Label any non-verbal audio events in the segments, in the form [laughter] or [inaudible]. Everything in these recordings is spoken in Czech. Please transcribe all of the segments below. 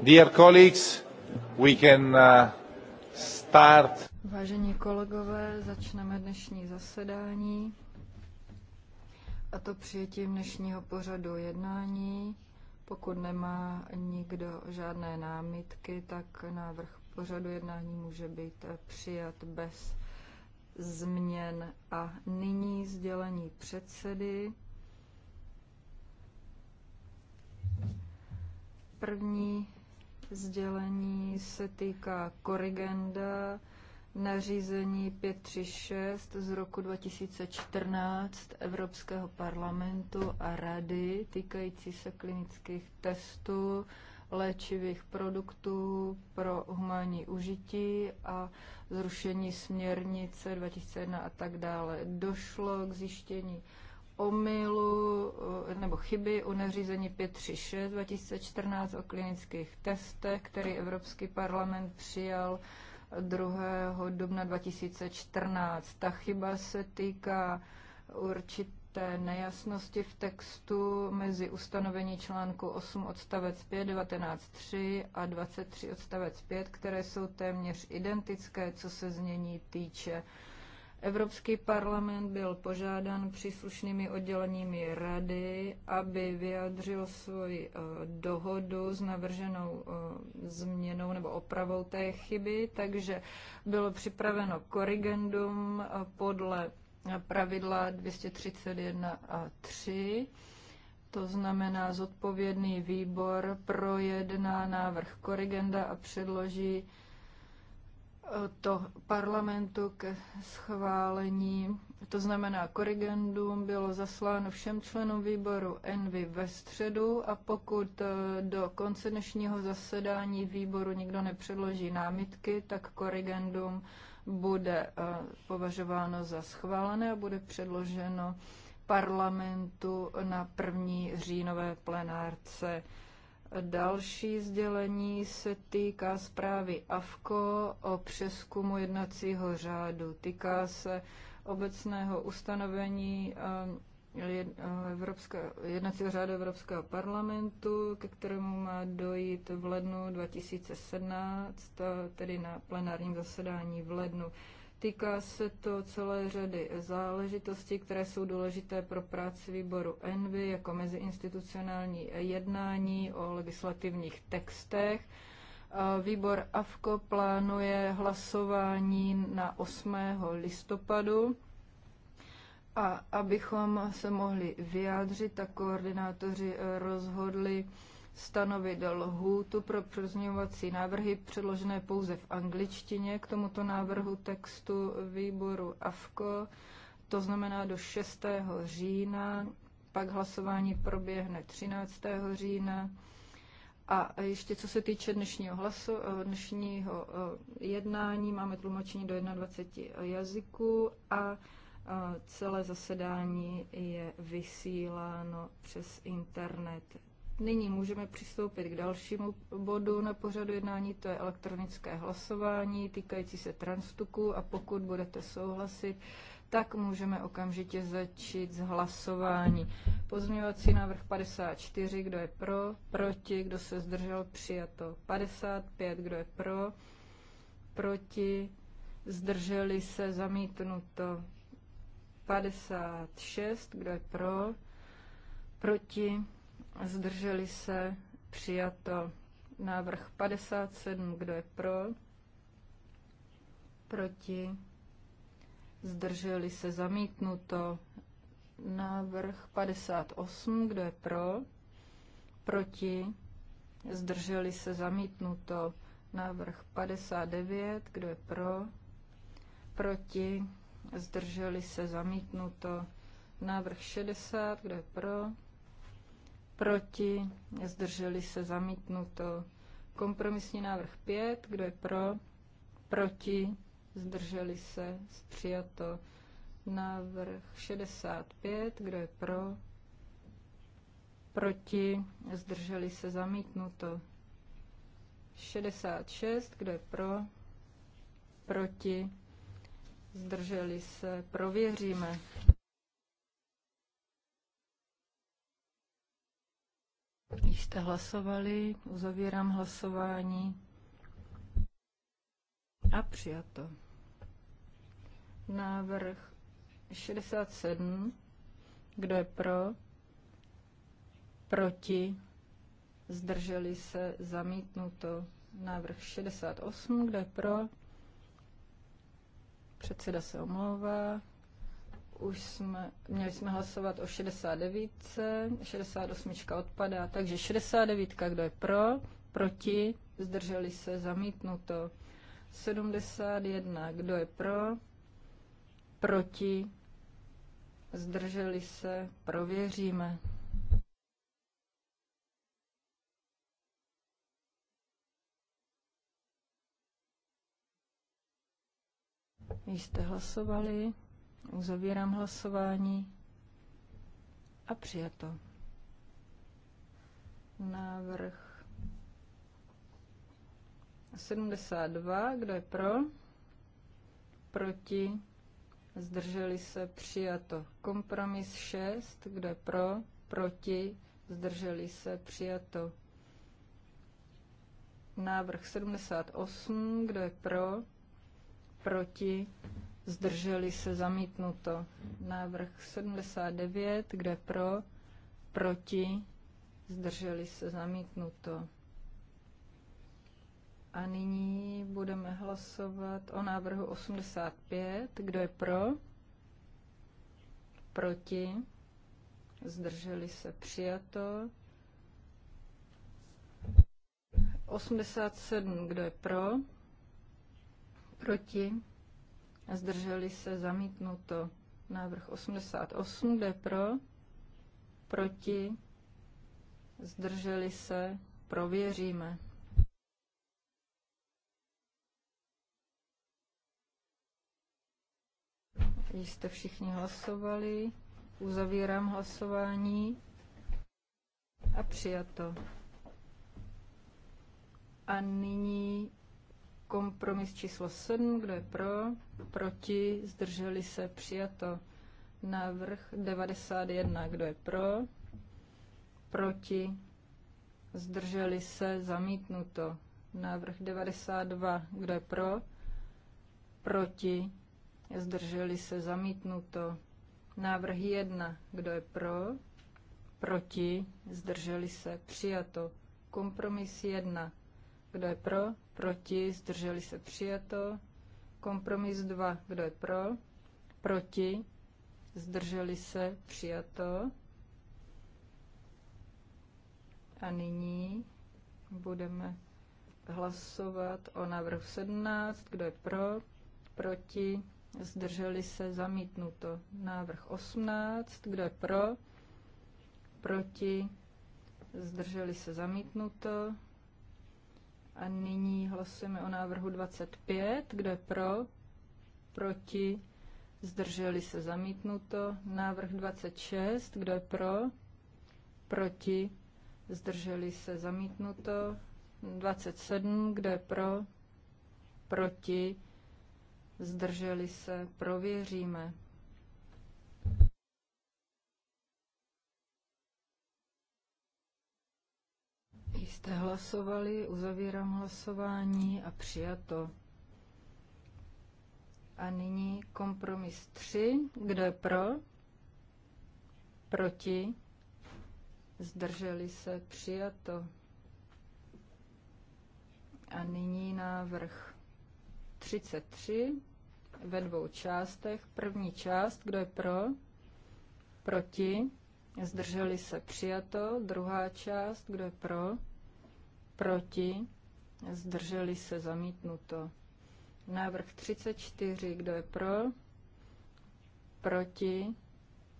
Dear colleagues, we can uh, start. Vážení kolegové, začneme dnešní zasedání a to přijetím dnešního pořadu jednání. Pokud nemá nikdo žádné námitky, tak návrh pořadu jednání může být přijat bez změn. A nyní sdělení předsedy. První sdělení se týká korigenda nařízení 536 z roku 2014 Evropského parlamentu a rady týkající se klinických testů léčivých produktů pro humánní užití a zrušení směrnice 2001 a tak dále. Došlo k zjištění omylu eh, nebo chyby u nařízení 536 2014 o klinických testech, který Evropský parlament přijal 2. dubna 2014. Ta chyba se týká určité nejasnosti v textu mezi ustanovení článku 8 odstavec 5, 19.3 a 23 odstavec 5, které jsou téměř identické, co se změní týče Evropský parlament byl požádán příslušnými odděleními rady, aby vyjadřil svoji eh, dohodu s navrženou eh, změnou nebo opravou té chyby, takže bylo připraveno korrigendum eh, podle pravidla 231 3. To znamená, zodpovědný výbor projedná návrh korigenda a předloží to parlamentu ke schválení. To znamená, korrigendum bylo zasláno všem členům výboru Envy ve středu a pokud eh, do konce dnešního zasedání výboru nikdo nepředloží námitky, tak korrigendum bude eh, považováno za schválené a bude předloženo parlamentu na první říjnové plenárce. Další sdělení se týká zprávy AFKO o přeskumu jednacího řádu. Týká se obecného ustanovení eh, eh, Evropské, jednacího řádu Evropského parlamentu, ke kterému má dojít v lednu 2017, eh, tedy na plenárním zasedání v lednu. Týká se to celé řady záležitostí, které jsou důležité pro práci výboru ENVY, jako meziinstitucionální jednání o legislativních textech. Výbor AFKO plánuje hlasování na 8. listopadu. A abychom se mohli vyjádřit, tak koordinátoři rozhodli, stanovit lhůtu pro pozměňovací návrhy předložené pouze v angličtině k tomuto návrhu textu výboru AFKO, to znamená do 6. října, pak hlasování proběhne 13. října. A ještě co se týče dnešního, hlasu, eh, dnešního eh, jednání, máme tlumočení do 21 jazyků a eh, celé zasedání je vysíláno přes internet. Nyní můžeme přistoupit k dalšímu bodu na pořadu jednání, to je elektronické hlasování týkající se transtuku a pokud budete souhlasit, tak můžeme okamžitě začít s hlasování. Pozměňovací návrh 54, kdo je pro, proti, kdo se zdržel, přijato. 55, kdo je pro, proti, zdrželi se, zamítnuto. 56, kdo je pro, proti, zdrželi se, přijato. Návrh 57, kdo je pro, proti, zdrželi se, zamítnuto. Návrh 58, kdo je pro, proti, zdrželi se, zamítnuto. Návrh 59, kdo je pro, proti, zdrželi se, zamítnuto. Návrh 60, kdo je pro, proti, zdrželi se zamítnuto. Kompromisní návrh 5, kdo je pro, proti, zdrželi se přijato. Návrh 65, kdo je pro, proti, zdrželi se zamítnuto. 66, kdo je pro, proti, zdrželi se, prověříme. Již jste hlasovali, uzavírám hlasování a přijato. Návrh 67. Kdo je pro? Proti? Zdrželi se? Zamítnuto. Návrh 68. Kdo je pro? Předseda se omlouvá už jsme, měli jsme hlasovat o 69, 68 odpadá, takže 69, kdo je pro, proti, zdrželi se, zamítnuto. 71, kdo je pro, proti, zdrželi se, prověříme. Již jste hlasovali. Uzavírám hlasování a přijato. Návrh 72, kdo je pro? Proti? Zdrželi se přijato. Kompromis 6, kdo je pro? Proti? Zdrželi se přijato. Návrh 78, kdo je pro? Proti? zdrželi se zamítnuto. Návrh 79, kde pro, proti, zdrželi se zamítnuto. A nyní budeme hlasovat o návrhu 85, kdo je pro, proti, zdrželi se přijato. 87, kdo je pro, proti, zdrželi se, zamítnuto. Návrh 88, jde pro, proti, zdrželi se, prověříme. Jste všichni hlasovali, uzavírám hlasování a přijato. A nyní Kompromis číslo 7, kdo je pro? Proti? Zdrželi se? Přijato. Návrh 91, kdo je pro? Proti? Zdrželi se? Zamítnuto. Návrh 92, kdo je pro? Proti? Zdrželi se? Zamítnuto. Návrh 1, kdo je pro? Proti? Zdrželi se? Přijato. Kompromis 1, kdo je pro? Proti? Zdrželi se? Přijato. Kompromis 2. Kdo je pro? Proti? Zdrželi se? Přijato. A nyní budeme hlasovat o návrhu 17. Kdo je pro? Proti? Zdrželi se? Zamítnuto. Návrh 18. Kdo je pro? Proti? Zdrželi se? Zamítnuto. A nyní hlasujeme o návrhu 25. Kdo je pro? Proti? Zdrželi se zamítnuto. Návrh 26. Kdo je pro? Proti? Zdrželi se zamítnuto. 27. Kdo je pro? Proti? Zdrželi se. Prověříme. Jste hlasovali, uzavírám hlasování a přijato. A nyní kompromis 3. Kdo je pro? Proti? Zdrželi se? Přijato. A nyní návrh 33 ve dvou částech. První část, kdo je pro? Proti? Zdrželi se? Přijato. Druhá část, kdo je pro? proti, zdrželi se zamítnuto. Návrh 34, kdo je pro, proti,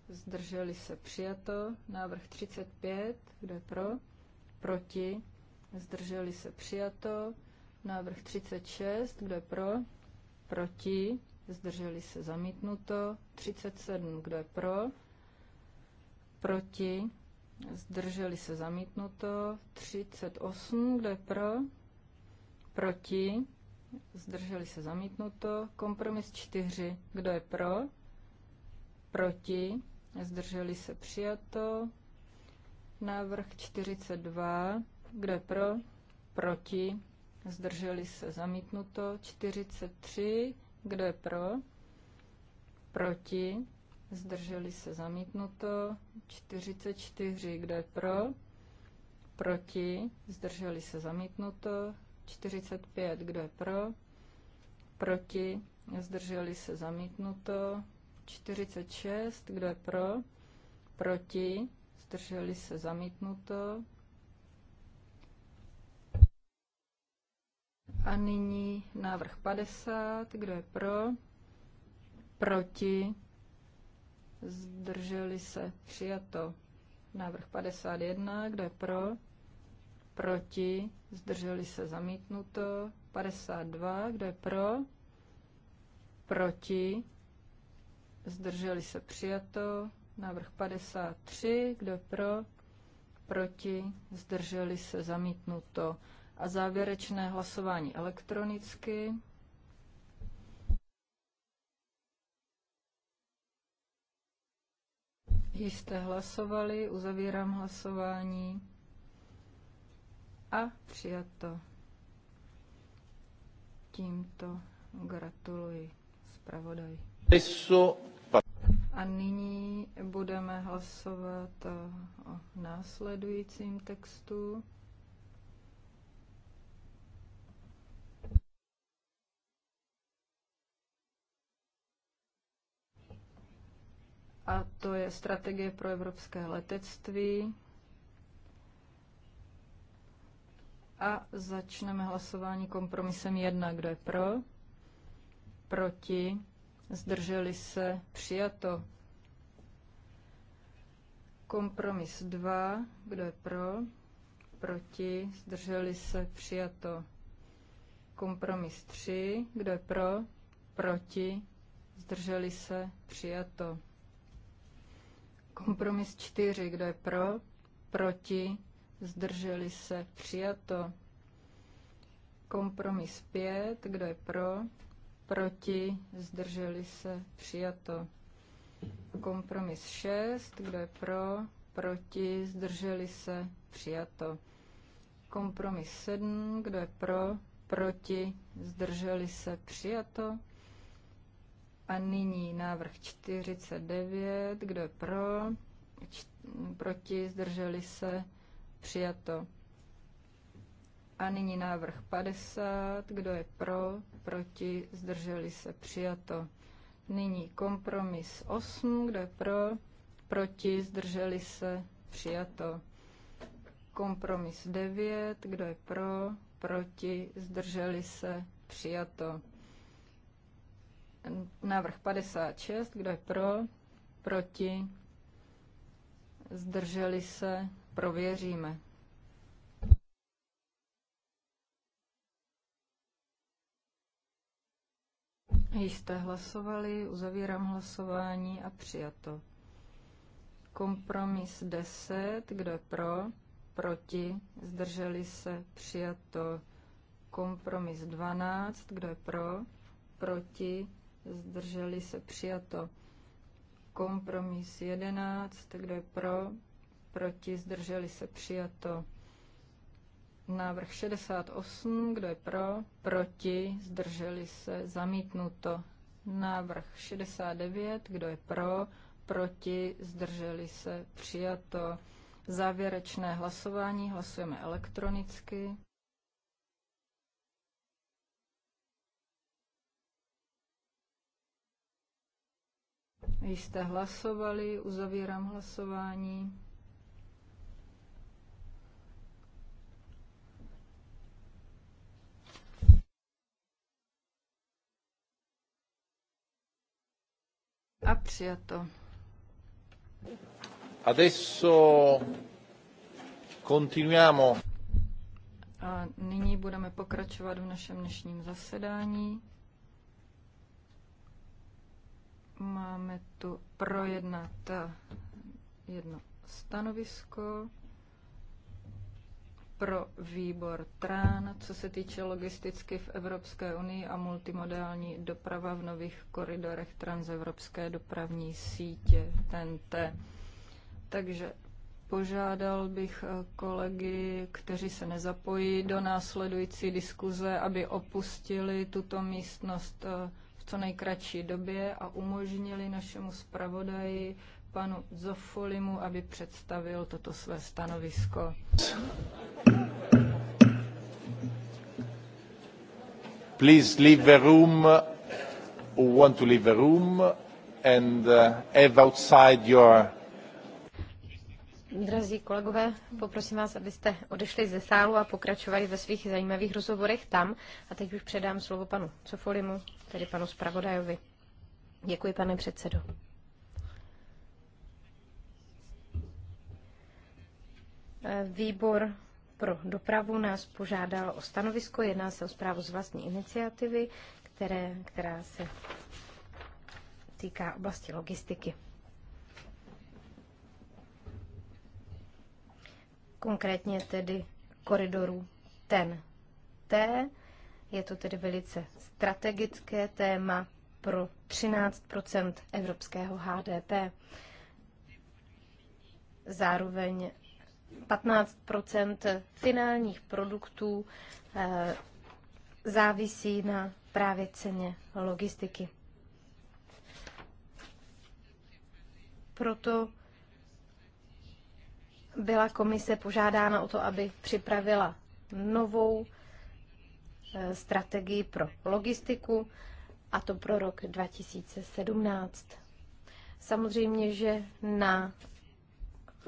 zdrželi se přijato. Návrh 35, kdo je pro, proti, zdrželi se přijato. Návrh 36, kdo je pro, proti, zdrželi se zamítnuto. 37, kdo je pro, proti, Zdrželi se zamítnuto. 38, kde pro? Proti. Zdrželi se zamítnuto. Kompromis 4, kdo je pro? Proti. Zdrželi se přijato. Návrh 42, kdo je pro? Proti. Zdrželi se zamítnuto. 43, kdo je pro? Proti zdrželi se zamítnuto, 44, kdo je pro, proti, zdrželi se zamítnuto, 45, kdo je pro, proti, zdrželi se zamítnuto, 46, kdo je pro, proti, zdrželi se zamítnuto. A nyní návrh 50, kdo je pro, proti, zdrželi se, přijato. Návrh 51, kdo je pro, proti, zdrželi se, zamítnuto. 52, kdo je pro, proti, zdrželi se, přijato. Návrh 53, kdo je pro, proti, zdrželi se, zamítnuto. A závěrečné hlasování elektronicky. jste hlasovali, uzavírám hlasování a přijato. Tímto gratuluji zpravodaj. A nyní budeme hlasovat o následujícím textu. a to je strategie pro evropské letectví. A začneme hlasování kompromisem 1. Kdo je pro? Proti? Zdrželi se? Přijato. Kompromis 2. Kdo je pro? Proti? Zdrželi se? Přijato. Kompromis 3. Kdo je pro? Proti? Zdrželi se? Přijato. Kompromis 4, kdo je pro, proti, zdrželi se, přijato. Kompromis 5, kdo je pro, proti, zdrželi se, přijato. Kompromis 6, kdo je pro, proti, zdrželi se, přijato. Kompromis 7, kdo je pro, proti, zdrželi se, přijato. A nyní návrh 49, kdo je pro, č- proti, zdrželi se, přijato. A nyní návrh 50, kdo je pro, proti, zdrželi se, přijato. Nyní kompromis 8, kdo je pro, proti, zdrželi se, přijato. Kompromis 9, kdo je pro, proti, zdrželi se, přijato. Návrh 56, kdo je pro, proti, zdrželi se, prověříme. jste hlasovali, uzavírám hlasování a přijato. Kompromis 10, kdo je pro, proti, zdrželi se, přijato. Kompromis 12, kdo je pro, proti, zdrželi se přijato. Kompromis 11, kdo je pro, proti, zdrželi se přijato. Návrh 68, kdo je pro, proti, zdrželi se, zamítnuto. Návrh 69, kdo je pro, proti, zdrželi se, přijato. Závěrečné hlasování hlasujeme elektronicky. jste hlasovali, uzavírám hlasování. A přijato. Adesso continuiamo. A nyní budeme pokračovat v našem dnešním zasedání. Máme tu projednat eh, jedno stanovisko pro výbor TRAN, co se týče logisticky v Evropské unii a multimodální doprava v nových koridorech transevropské dopravní sítě TNT. Takže požádal bych eh, kolegy, kteří se nezapojí do následující diskuze, aby opustili tuto místnost eh, co nejkratší době a umožnili našemu zpravodaji panu Zofolimu, aby představil toto své stanovisko. Please leave the room who want to leave the room and uh, have outside your Drazí kolegové, poprosím vás, abyste odešli ze sálu a pokračovali ve svých zajímavých rozhovorech tam. A teď už předám slovo panu Cofolimu tedy panu zpravodajovi. Děkuji, pane předsedo. Výbor pro dopravu nás požádal o stanovisko. Jedná se o zprávu z vlastní iniciativy, které, která se týká oblasti logistiky. Konkrétně tedy koridoru ten T je to tedy velice strategické téma pro 13 evropského HDP. Zároveň 15 finálních produktů eh, závisí na právě ceně logistiky. Proto byla komise požádána o to, aby připravila novou Eh, strategii pro logistiku, a to pro rok 2017. Samozřejmě, že na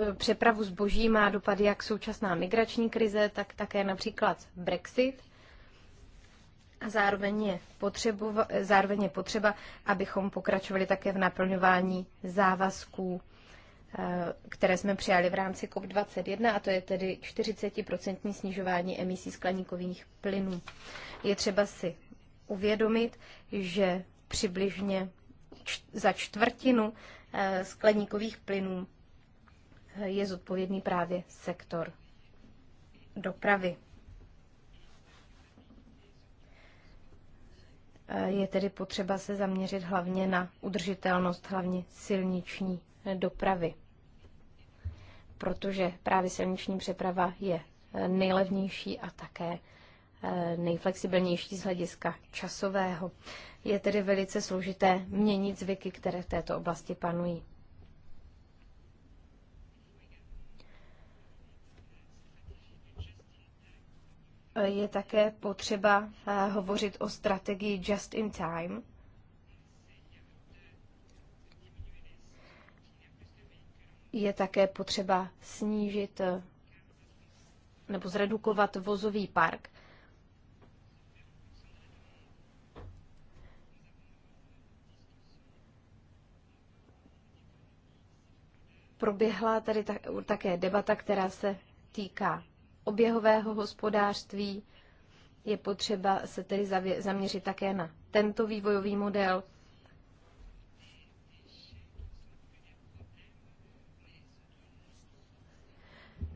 eh, přepravu zboží má dopad jak současná migrační krize, tak také například Brexit. A zároveň je, eh, zároveň je potřeba, abychom pokračovali také v naplňování závazků Eh, které jsme přijali v rámci COP21, a to je tedy 40% snižování emisí skleníkových plynů. Je třeba si uvědomit, že přibližně za čtvrtinu eh, skleníkových plynů eh, je zodpovědný právě sektor dopravy. Je tedy potřeba se zaměřit hlavně na udržitelnost, hlavně silniční dopravy protože právě silniční přeprava je eh, nejlevnější a také eh, nejflexibilnější z hlediska časového. Je tedy velice složité měnit zvyky, které v této oblasti panují. Eh, je také potřeba hovořit o strategii just in time, je také potřeba snížit eh, nebo zredukovat vozový park. Proběhla tady také debata, která se týká oběhového hospodářství. Je potřeba se tedy zaměřit také na tento vývojový model.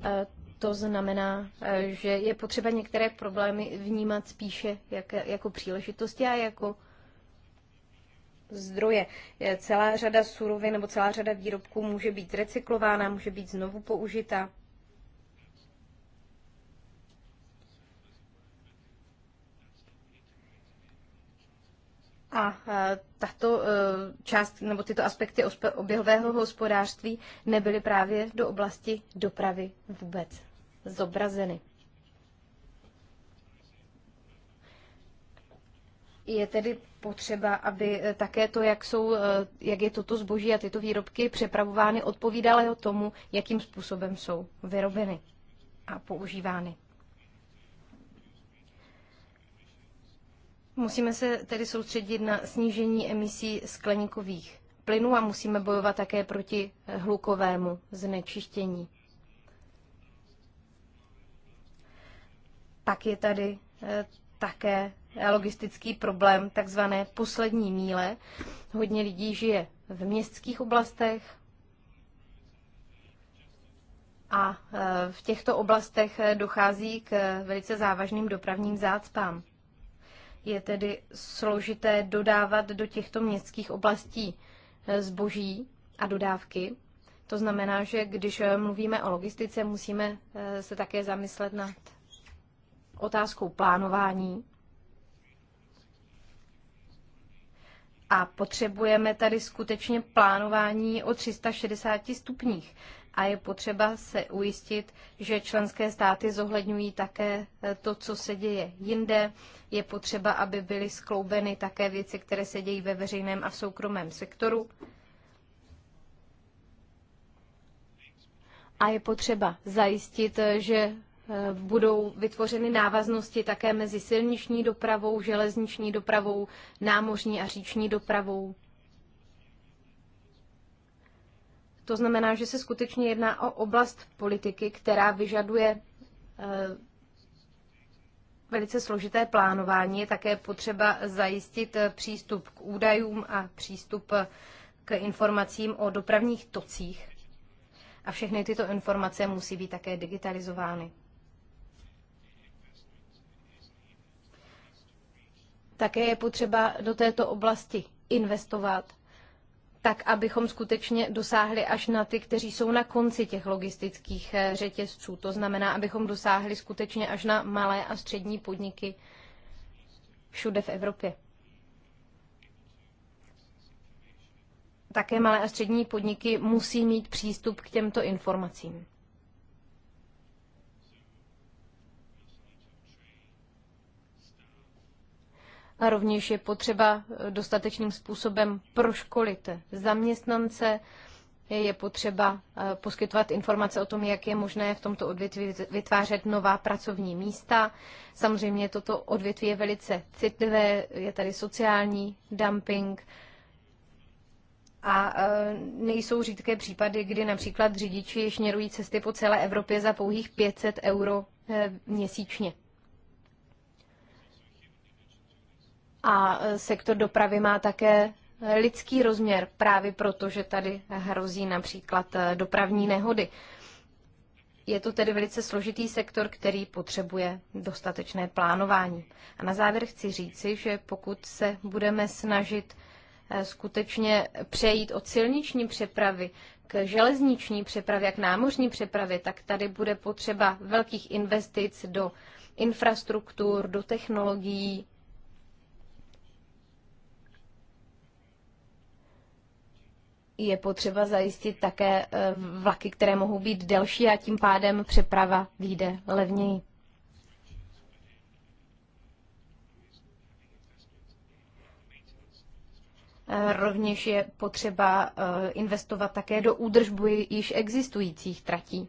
E, to znamená, e, že je potřeba některé problémy vnímat spíše jak, jako příležitosti a jako zdroje. E, celá řada surovin nebo celá řada výrobků může být recyklována, může být znovu použita. A e, tato e, část nebo tyto aspekty oběhového hospodářství nebyly právě do oblasti dopravy vůbec zobrazeny. Je tedy potřeba, aby e, také to, jak, jsou, jak je toto zboží a tyto výrobky přepravovány, odpovídalo tomu, jakým způsobem jsou vyrobeny a používány. Musíme se tedy soustředit na snížení emisí skleníkových plynů a musíme bojovat také proti eh, hlukovému znečištění. Pak je tady eh, také logistický problém takzvané poslední míle. Hodně lidí žije v městských oblastech a eh, v těchto oblastech dochází k velice závažným dopravním zácpám. Je tedy složité dodávat do těchto městských oblastí eh, zboží a dodávky. To znamená, že když eh, mluvíme o logistice, musíme eh, se také zamyslet nad otázkou plánování. A potřebujeme tady skutečně plánování o 360 stupních a je potřeba se ujistit, že členské státy zohledňují také eh, to, co se děje jinde. Je potřeba, aby byly skloubeny také věci, které se dějí ve veřejném a v soukromém sektoru. A je potřeba zajistit, eh, že eh, budou vytvořeny návaznosti také mezi silniční dopravou, železniční dopravou, námořní a říční dopravou. To znamená, že se skutečně jedná o oblast politiky, která vyžaduje eh, velice složité plánování. Je také potřeba zajistit eh, přístup k údajům a přístup eh, k informacím o dopravních tocích. A všechny tyto informace musí být také digitalizovány. Také je potřeba do této oblasti investovat tak abychom skutečně dosáhli až na ty, kteří jsou na konci těch logistických eh, řetězců. To znamená, abychom dosáhli skutečně až na malé a střední podniky všude v Evropě. Také malé a střední podniky musí mít přístup k těmto informacím. A rovněž je potřeba eh, dostatečným způsobem proškolit zaměstnance, je potřeba eh, poskytovat informace o tom, jak je možné v tomto odvětví vytvářet nová pracovní místa. Samozřejmě toto odvětví je velice citlivé, je tady sociální dumping a eh, nejsou řídké případy, kdy například řidiči šněrují cesty po celé Evropě za pouhých 500 euro měsíčně. A e, sektor dopravy má také lidský rozměr, právě proto, že tady hrozí například e, dopravní nehody. Je to tedy velice složitý sektor, který potřebuje dostatečné plánování. A na závěr chci říci, že pokud se budeme snažit e, skutečně přejít od silniční přepravy k železniční přepravě jak k námořní přepravě, tak tady bude potřeba velkých investic do infrastruktur, do technologií, je potřeba zajistit také eh, vlaky, které mohou být delší a tím pádem přeprava vyjde levněji. Eh, rovněž je potřeba eh, investovat také do údržbu již existujících tratí.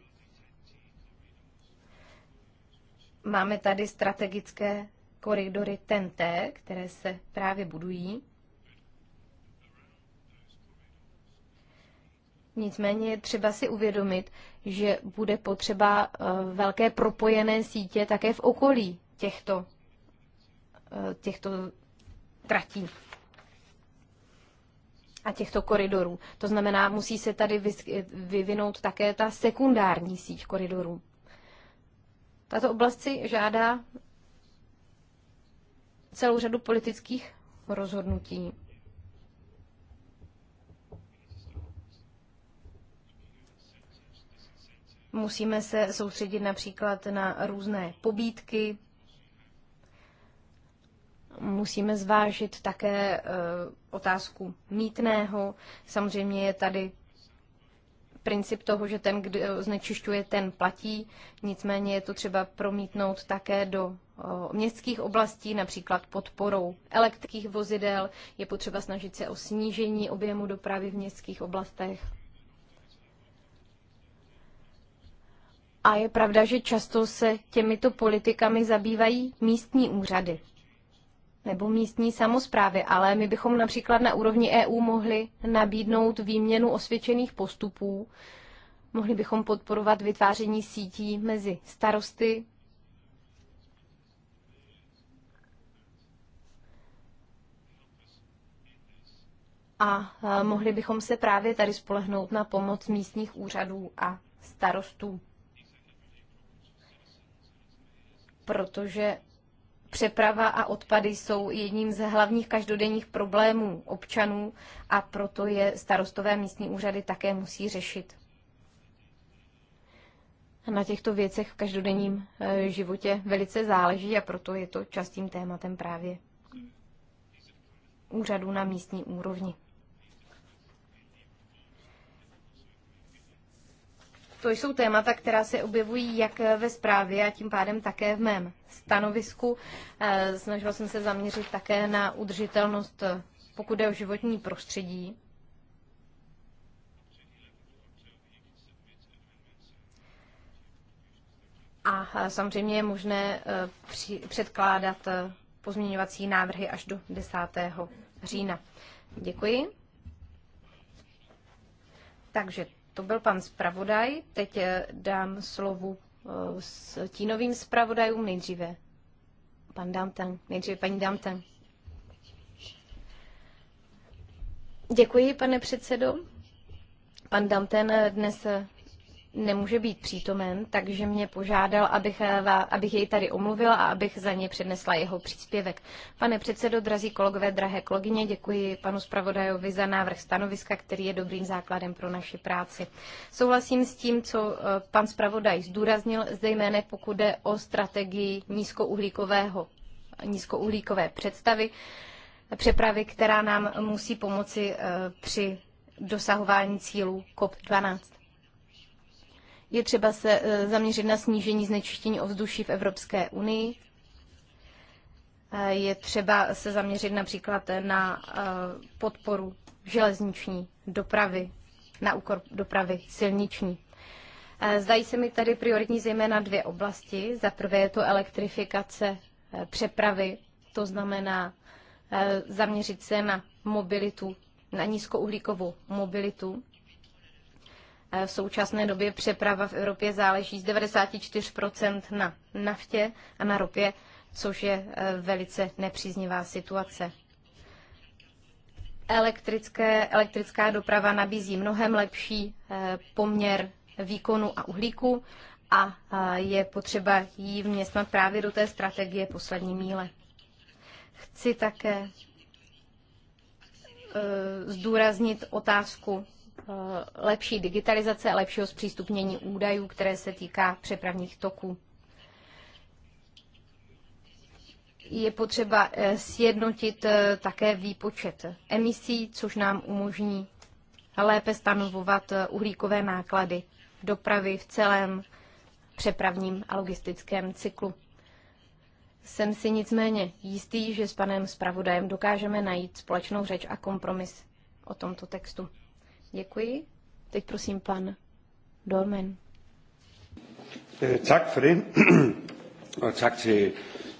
Máme tady strategické koridory TNT, které se právě budují. Nicméně je třeba si uvědomit, že bude potřeba eh, velké propojené sítě také v okolí těchto, eh, těchto tratí a těchto koridorů. To znamená, musí se tady vyvinout také ta sekundární síť koridorů. Tato oblast si žádá celou řadu politických rozhodnutí. Musíme se soustředit například na různé pobídky. Musíme zvážit také e, otázku mítného. Samozřejmě je tady princip toho, že ten, kdo znečišťuje, ten platí. Nicméně je to třeba promítnout také do městských oblastí, například podporou elektrických vozidel. Je potřeba snažit se o snížení objemu dopravy v městských oblastech. A je pravda, že často se těmito politikami zabývají místní úřady nebo místní samozprávy, ale my bychom například na úrovni EU mohli nabídnout výměnu osvědčených postupů, mohli bychom podporovat vytváření sítí mezi starosty, a mohli bychom se právě tady spolehnout na pomoc místních úřadů a starostů. protože přeprava a odpady jsou jedním z hlavních každodenních problémů občanů a proto je starostové místní úřady také musí řešit. na těchto věcech v každodenním e, životě velice záleží a proto je to častým tématem právě úřadů na místní úrovni. To jsou témata, která se objevují jak ve zprávě a tím pádem také v mém stanovisku. Eh, Snažila jsem se zaměřit také na udržitelnost, pokud je o životní prostředí. A eh, samozřejmě je možné eh, předkládat pozměňovací návrhy až do 10. října. Děkuji. Takže to byl pan zpravodaj. Teď eh, dám slovu eh, s tínovým zpravodajům nejdříve. Pan Damten, nejdříve paní Damten. Děkuji, pane předsedo. Pan Damten dnes nemůže být přítomen, takže mě požádal, abych, eh, abych jej tady omluvila a abych za ně přednesla jeho příspěvek. Pane předsedo, drazí kolegové, drahé kolegyně, děkuji panu zpravodajovi za návrh stanoviska, který je dobrým základem pro naši práci. Souhlasím s tím, co eh, pan zpravodaj zdůraznil, zejména pokud jde o strategii nízkouhlíkového, nízkouhlíkové představy, přepravy, která nám musí pomoci eh, při dosahování cílů COP12. Je třeba se e, zaměřit na snížení znečištění ovzduší v Evropské unii. E, je třeba se zaměřit například na e, podporu železniční dopravy, na úkor dopravy silniční. Zdají se mi tady prioritní zejména dvě oblasti. Za prvé je to elektrifikace přepravy, to znamená zaměřit se na mobilitu, na nízkouhlíkovou mobilitu. Eh, v současné době přeprava v Evropě záleží z 94% na naftě a na ropě, což je eh, velice nepříznivá situace. Elektrické, elektrická doprava nabízí mnohem lepší eh, poměr výkonu a uhlíku a je potřeba ji vměstnat právě do té strategie poslední míle. Chci také zdůraznit otázku Eh, lepší digitalizace a lepšího zpřístupnění údajů, které se týká přepravních toků. Je potřeba eh, sjednotit eh, také výpočet emisí, což nám umožní lépe stanovovat uhlíkové náklady v dopravy v celém přepravním a logistickém cyklu. Jsem si nicméně jistý, že s panem zpravodajem dokážeme najít společnou řeč a kompromis o tomto textu. Děkuji. Teď prosím pan Dolmen. Øh, tak for det, [clears throat] og tak til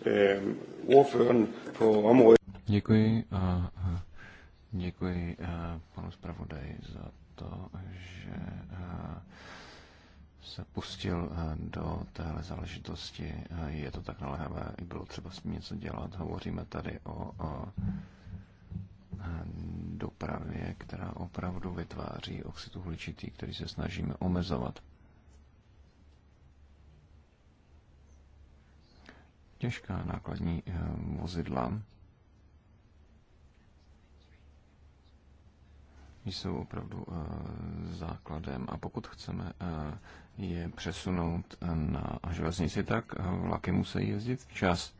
øh, ordføreren på området. Děkuji a děkuji panu zpravodaji za to, že se pustil do téhle záležitosti. Je to tak naléhavé, bylo třeba s tím něco dělat. Hovoříme tady o, o dopravě, která opravdu vytváří oxid uhličitý, který se snažíme omezovat. Těžká nákladní eh, vozidla jsou opravdu eh, základem a pokud chceme eh, je přesunout na železnici, tak vlaky musí jezdit včas.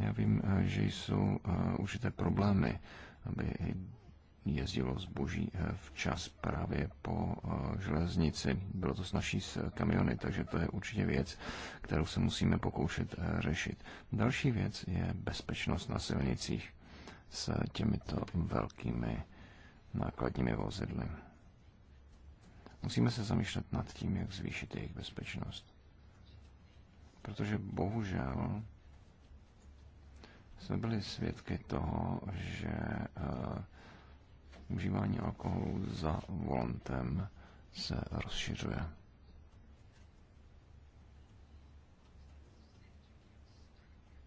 Já vím, eh, že jsou eh, určité problémy, aby jezdilo zboží eh, včas právě po železnici. Bylo to snažší s kamiony, takže to je určitě věc, kterou se musíme pokoušet řešit. Další věc je bezpečnost na silnicích s těmito velkými nákladními vozidly. Musíme se zamýšlet nad tím, jak zvýšit jejich bezpečnost. Protože bohužel jsme byli svědky toho, že eh, užívání alkoholu za volantem se rozšiřuje.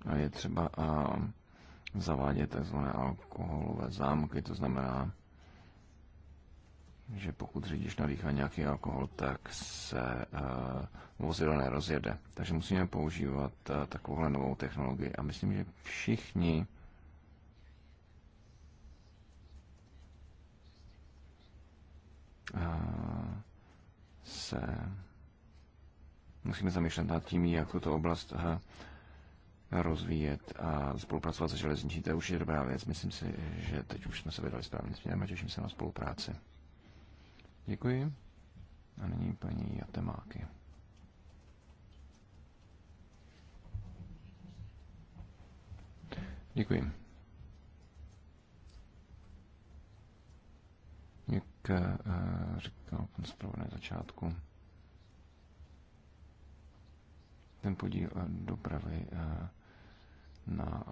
A je třeba eh, zavádět tzv. alkoholové zámky, to znamená že pokud řidič nadýchá nějaký alkohol, tak se uh, vozidlo nerozjede. Takže musíme používat uh, takovouhle novou technologii. A myslím, že všichni uh, se musíme zamýšlet nad tím, jak tuto oblast uh, rozvíjet a spolupracovat se železniční. To je dobrá věc. Myslím si, že teď už jsme se vydali správným směrem a těším se na spolupráci. Děkuji. A nyní paní Jatemáky. Děkuji. Jak eh, říkal pan zpravodaj na začátku, ten podíl eh, dopravy eh, na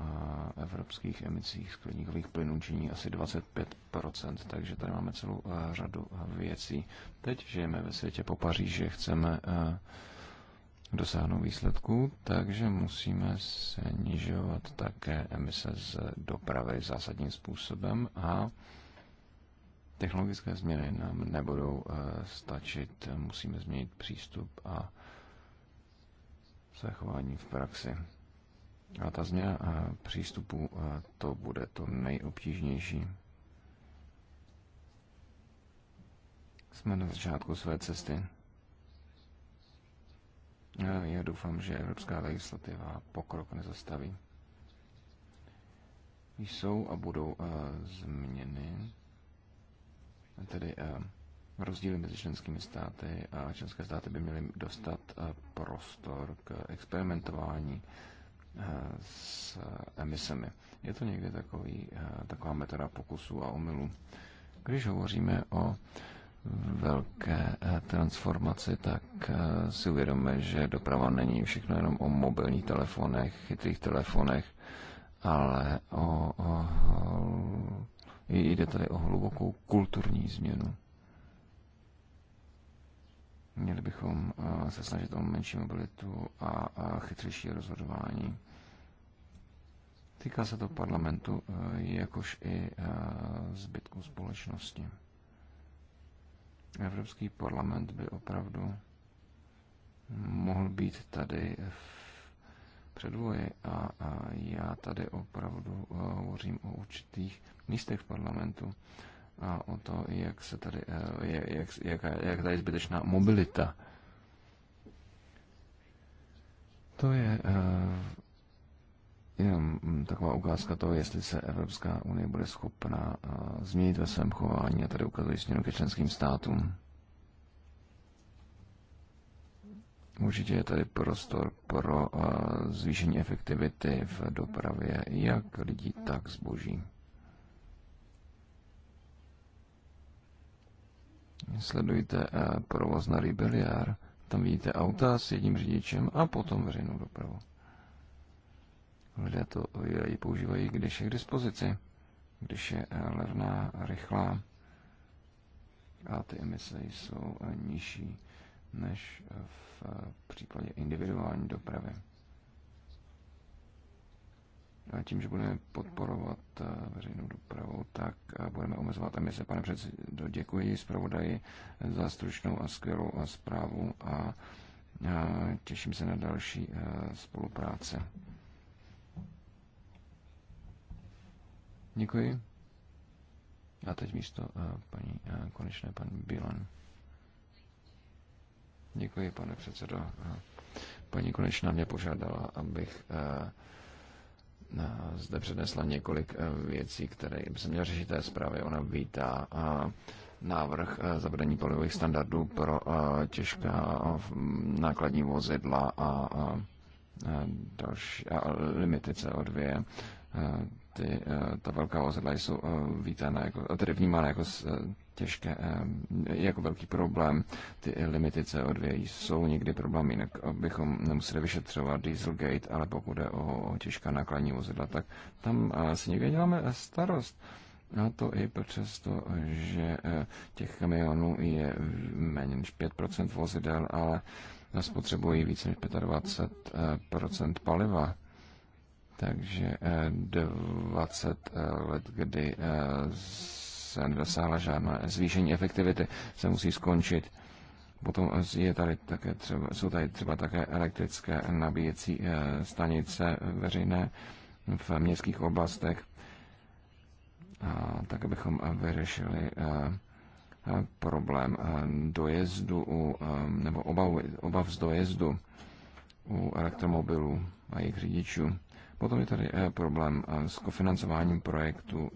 evropských emisích skleníkových plynů činí asi 25%, takže tady máme celou řadu věcí. Teď žijeme ve světě po Paříži, chceme dosáhnout výsledků, takže musíme snižovat také emise z dopravy zásadním způsobem a technologické změny nám nebudou stačit, musíme změnit přístup a zachování v praxi. A ta změna přístupu, to bude to nejobtížnější. Jsme na začátku své cesty. Já doufám, že evropská legislativa pokrok nezastaví. Jsou a budou změny, tedy uh, rozdíly mezi členskými státy a členské státy by měly dostat prostor k experimentování Eh, s eh, emisemi. Je to někdy takový, eh, taková metoda pokusů a omylů. Když hovoříme o velké transformaci, tak si uvědomíme, že doprava není všechno jenom o mobilních telefonech, chytrých telefonech, ale o, o, jde tady o hlubokou kulturní změnu. Měli bychom eh, se snažit o menší mobilitu a chytřejší rozhodování. Týká se to parlamentu, eh, jakož i eh, zbytku společnosti. Evropský parlament by opravdu mohl být tady v předvoji a, já tady opravdu hovořím o určitých místech v parlamentu a o to, jak se tady, eh, jak, jak, jak tady je zbytečná mobilita. To je eh, jenom taková ukázka toho, jestli se Evropská unie bude schopna eh, změnit ve svém chování a tady ukazují směru ke členským státům. Určitě je tady prostor pro zvýšení efektivity v dopravě jak lidí, tak zboží. sledujte eh, provoz na Ribeliár. Tam vidíte auta s jedním řidičem a potom veřejnou dopravu. Lidé to ji používají, když je k dispozici, když je eh, levná, rychlá a ty emise jsou eh, nižší než v případě individuální dopravy. A tím, že budeme podporovat eh, veřejnou dopravu, tak eh, budeme omezovat emise. Pane předsedo, děkuji zpravodaji eh, za stručnou a skvělou zprávu a těším se na další spolupráce. Děkuji. A teď místo paní konečné pan Bilan. Děkuji, pane předsedo. Paní konečná mě požádala, abych Eh, zde přednesla několik eh, věcí, které by se měl řešit té zprávy. Ona vítá eh, návrh zavedení polivových standardů pro těžká nákladní vozidla a další a limity CO2. Ty, ta velká vozidla jsou vítána jako, tedy vnímána jako těžké, ehm, jako velký problém. Ty limity CO2 jsou někdy problém, jinak bychom nemuseli vyšetřovat Dieselgate, ale pokud je o těžká nákladní vozidla, tak tam eh, si někdy děláme eh, starost. A to i přesto, že eh, těch kamionů je méně než 5% vozidel, ale spotřebují více než 25% paliva. Takže 20 let, kdy se nedosáhla žádné zvýšení efektivity, se musí skončit. Potom je tady také třeba, jsou tady třeba také elektrické nabíjecí eh, stanice veřejné v městských oblastech, a tak abychom vyřešili eh, problém eh, dojezdu u, nebo obav, obav z dojezdu u elektromobilů a jejich řidičů. Potom je tady problém s kofinancováním projektu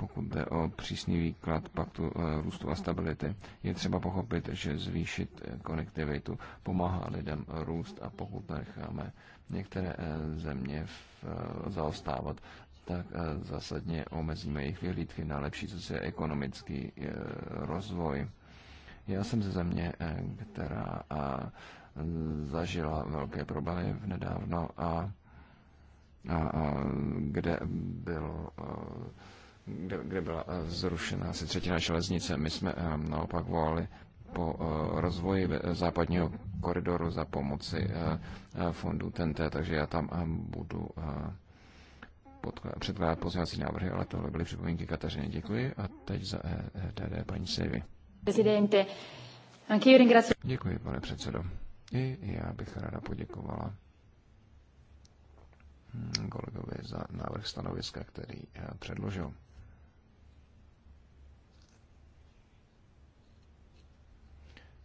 pokud jde o přísný výklad paktu eh, růstu a stability, je třeba pochopit, že zvýšit eh, konektivitu pomáhá lidem růst a pokud necháme některé eh, země zaostávat, tak zásadně omezíme jejich vyhlídky na lepší socioekonomický rozvoj. Já jsem ze země, která zažila velké problémy v nedávno a, a, a kde bylo a, kde, kde byla eh, zrušena asi třetina železnice. My jsme eh, naopak volali po eh, rozvoji západního koridoru za pomoci fondů TNT, takže já tam budu předkládat pozměňovací návrhy, ale tohle byly připomínky Kateřiny. Děkuji a teď za EDD e paní Sevi. Děkuji, pane předsedo. I já bych ráda poděkovala hm, kolegovi za návrh stanoviska, který předložil.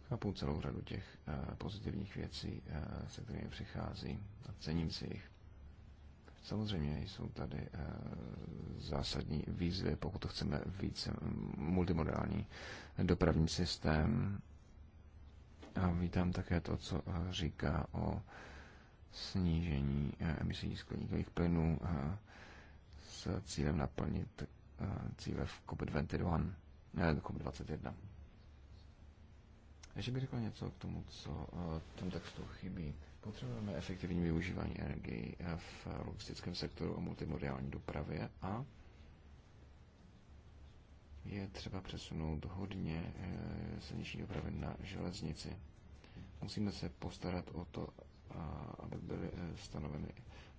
Chápu celou řadu těch eh, pozitivních věcí, eh, se kterými přichází a cením si jich. Samozřejmě jsou tady eh, zásadní výzvy, pokud to chceme více multimodální dopravní systém. A vítám také to, co říká o snížení emisí skleníkových plynů s cílem naplnit cíle v COP21. Ne, COP21. Ještě bych řekl něco k tomu, co uh, eh, tom textu chybí. Potřebujeme efektivní využívání energie eh, v logistickém sektoru a multimodální dopravě a je třeba přesunout hodně eh, silniční dopravy na železnici. Musíme se postarat o to, aby byly stanoveny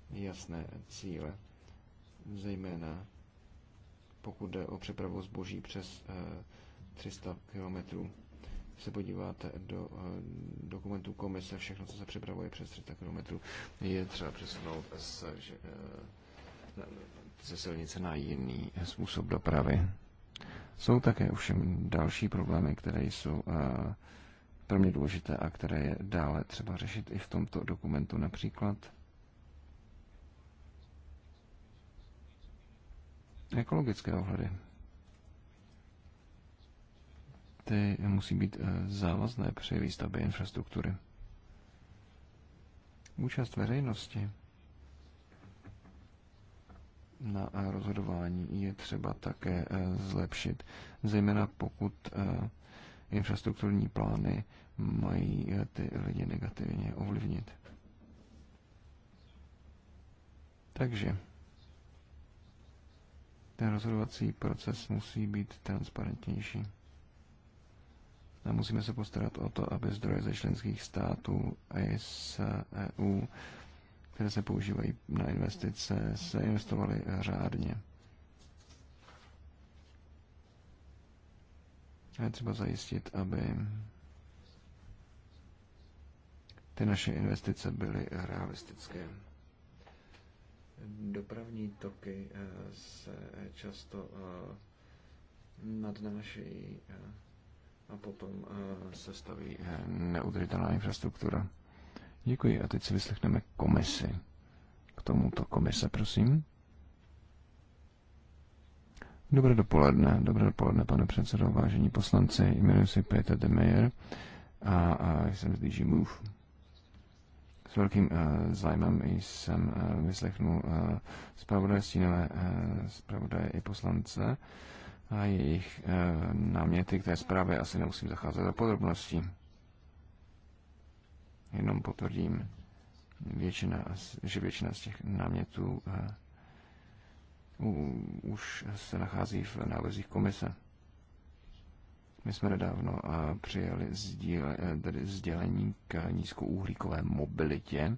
jasné cíle, zejména pokud jde o přepravu zboží přes 300 kilometrů se podíváte do eh, dokumentů komise, všechno, co se připravuje přes 300 km, je třeba přesunout z, eh, ze silnice na jiný způsob dopravy. Jsou také ovšem další problémy, které jsou eh, pro mě důležité a které je dále třeba řešit i v tomto dokumentu. Například ekologické ohledy standardy musí být eh, závazné při výstavbě infrastruktury. Účast veřejnosti na eh, rozhodování je třeba také eh, zlepšit, zejména pokud infrastrukturní plány mají ty lidi negativně ovlivnit. Takže ten rozhodovací proces musí být transparentnější. Musíme se postarat o to, aby zdroje ze členských států a z EU, které se používají na investice, se investovaly řádně. A je třeba zajistit, aby ty naše investice byly realistické. Dopravní toky eh, se často eh, nad naší eh, a potom eh, se staví eh, neudržitelná infrastruktura. Děkuji a teď si vyslechneme komisi. K tomuto komise, prosím. Dobré dopoledne, dobré dopoledne, pane předsedo, vážení poslanci, jmenuji se Peter de Meyer a, a jsem z DG Move. S velkým uh, zájmem jsem uh, vyslechnul uh, zpravodaje stínové uh, zpravodaje i poslance. Uh, a jejich eh, náměty k té zprávě asi nemusím zacházet do podrobností. Jenom potvrdím, většina, že většina z těch námětů eh, už se nachází v návrzích komise. My jsme nedávno eh, přijali sdělení k nízkouhlíkové mobilitě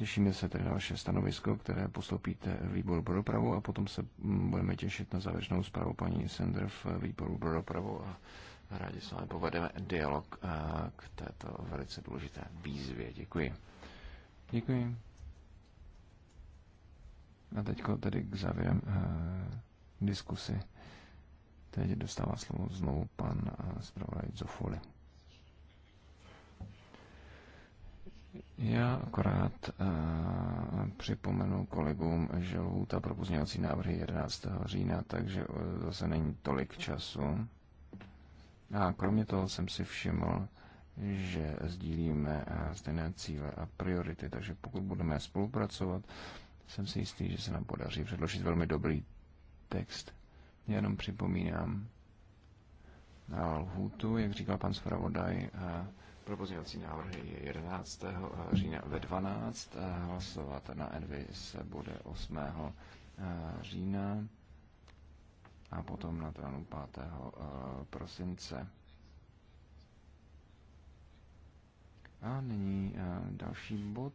Těšíme se tedy na vaše stanovisko, které postoupíte výboru pro dopravu a potom se mm, budeme těšit na závěrečnou zprávu paní Sender v výboru pro dopravu a rádi s vámi povedeme dialog eh, k této velice důležité výzvě. Děkuji. Děkuji. A teď tedy k závěrem eh, diskusy. Teď dostává slovo znovu pan eh, zpravodaj Zofoli. Já akorát uh, připomenu kolegům, že lhůta pro pozměňovací návrhy 11. října, takže eh, zase není tolik času. A kromě toho jsem si všiml, že sdílíme eh, stejné cíle a priority, takže pokud budeme spolupracovat, jsem si jistý, že se nám podaří předložit velmi dobrý text. Já jenom připomínám lhůtu, jak říkal pan Svravodaj, uh, pro pozměňovací návrhy je 11. října ve 12. Hlasovat na Envy se bude 8. Eh, října a potom na tránu 5. Eh, prosince. A nyní eh, další bod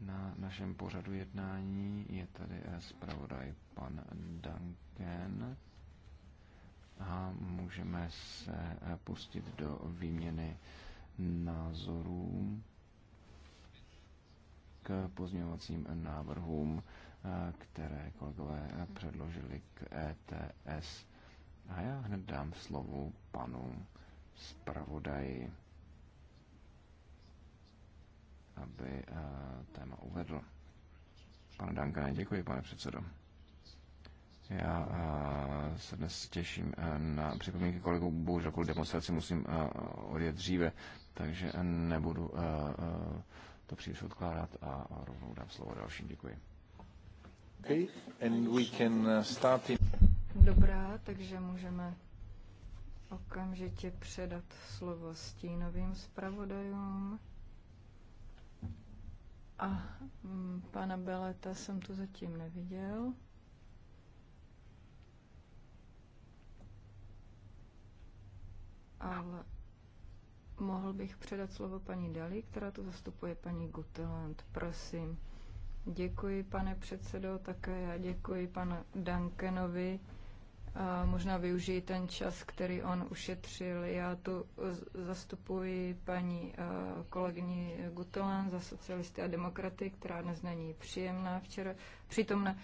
na našem pořadu jednání je tady zpravodaj pan Duncan a můžeme se eh, pustit do výměny názorů k pozměňovacím návrhům, eh, které kolegové eh, předložili k ETS. A já hned dám slovo panu zpravodaji, aby téma uvedl. Pane Dankane, děkuji, pane předsedo. Já eh, se dnes těším eh, na připomínky kolegů. Bohužel kvůli demonstraci musím eh, odjet dříve, takže nebudu to příliš odkládat a rovnou dám slovo dalším. Děkuji. Okay, and we can start in... Dobrá, takže můžeme okamžitě předat slovo stínovým zpravodajům. A mm, pana Beleta jsem tu zatím neviděl. ale mohl bych předat slovo paní Dali, která tu zastupuje paní Guteland. Prosím. Děkuji, pane předsedo, také já děkuji panu Dankenovi. A možná využijí ten čas, který on ušetřil. Já tu zastupuji paní kolegyni Gutelán za socialisty a demokraty, která dnes není příjemná včera, přítomna.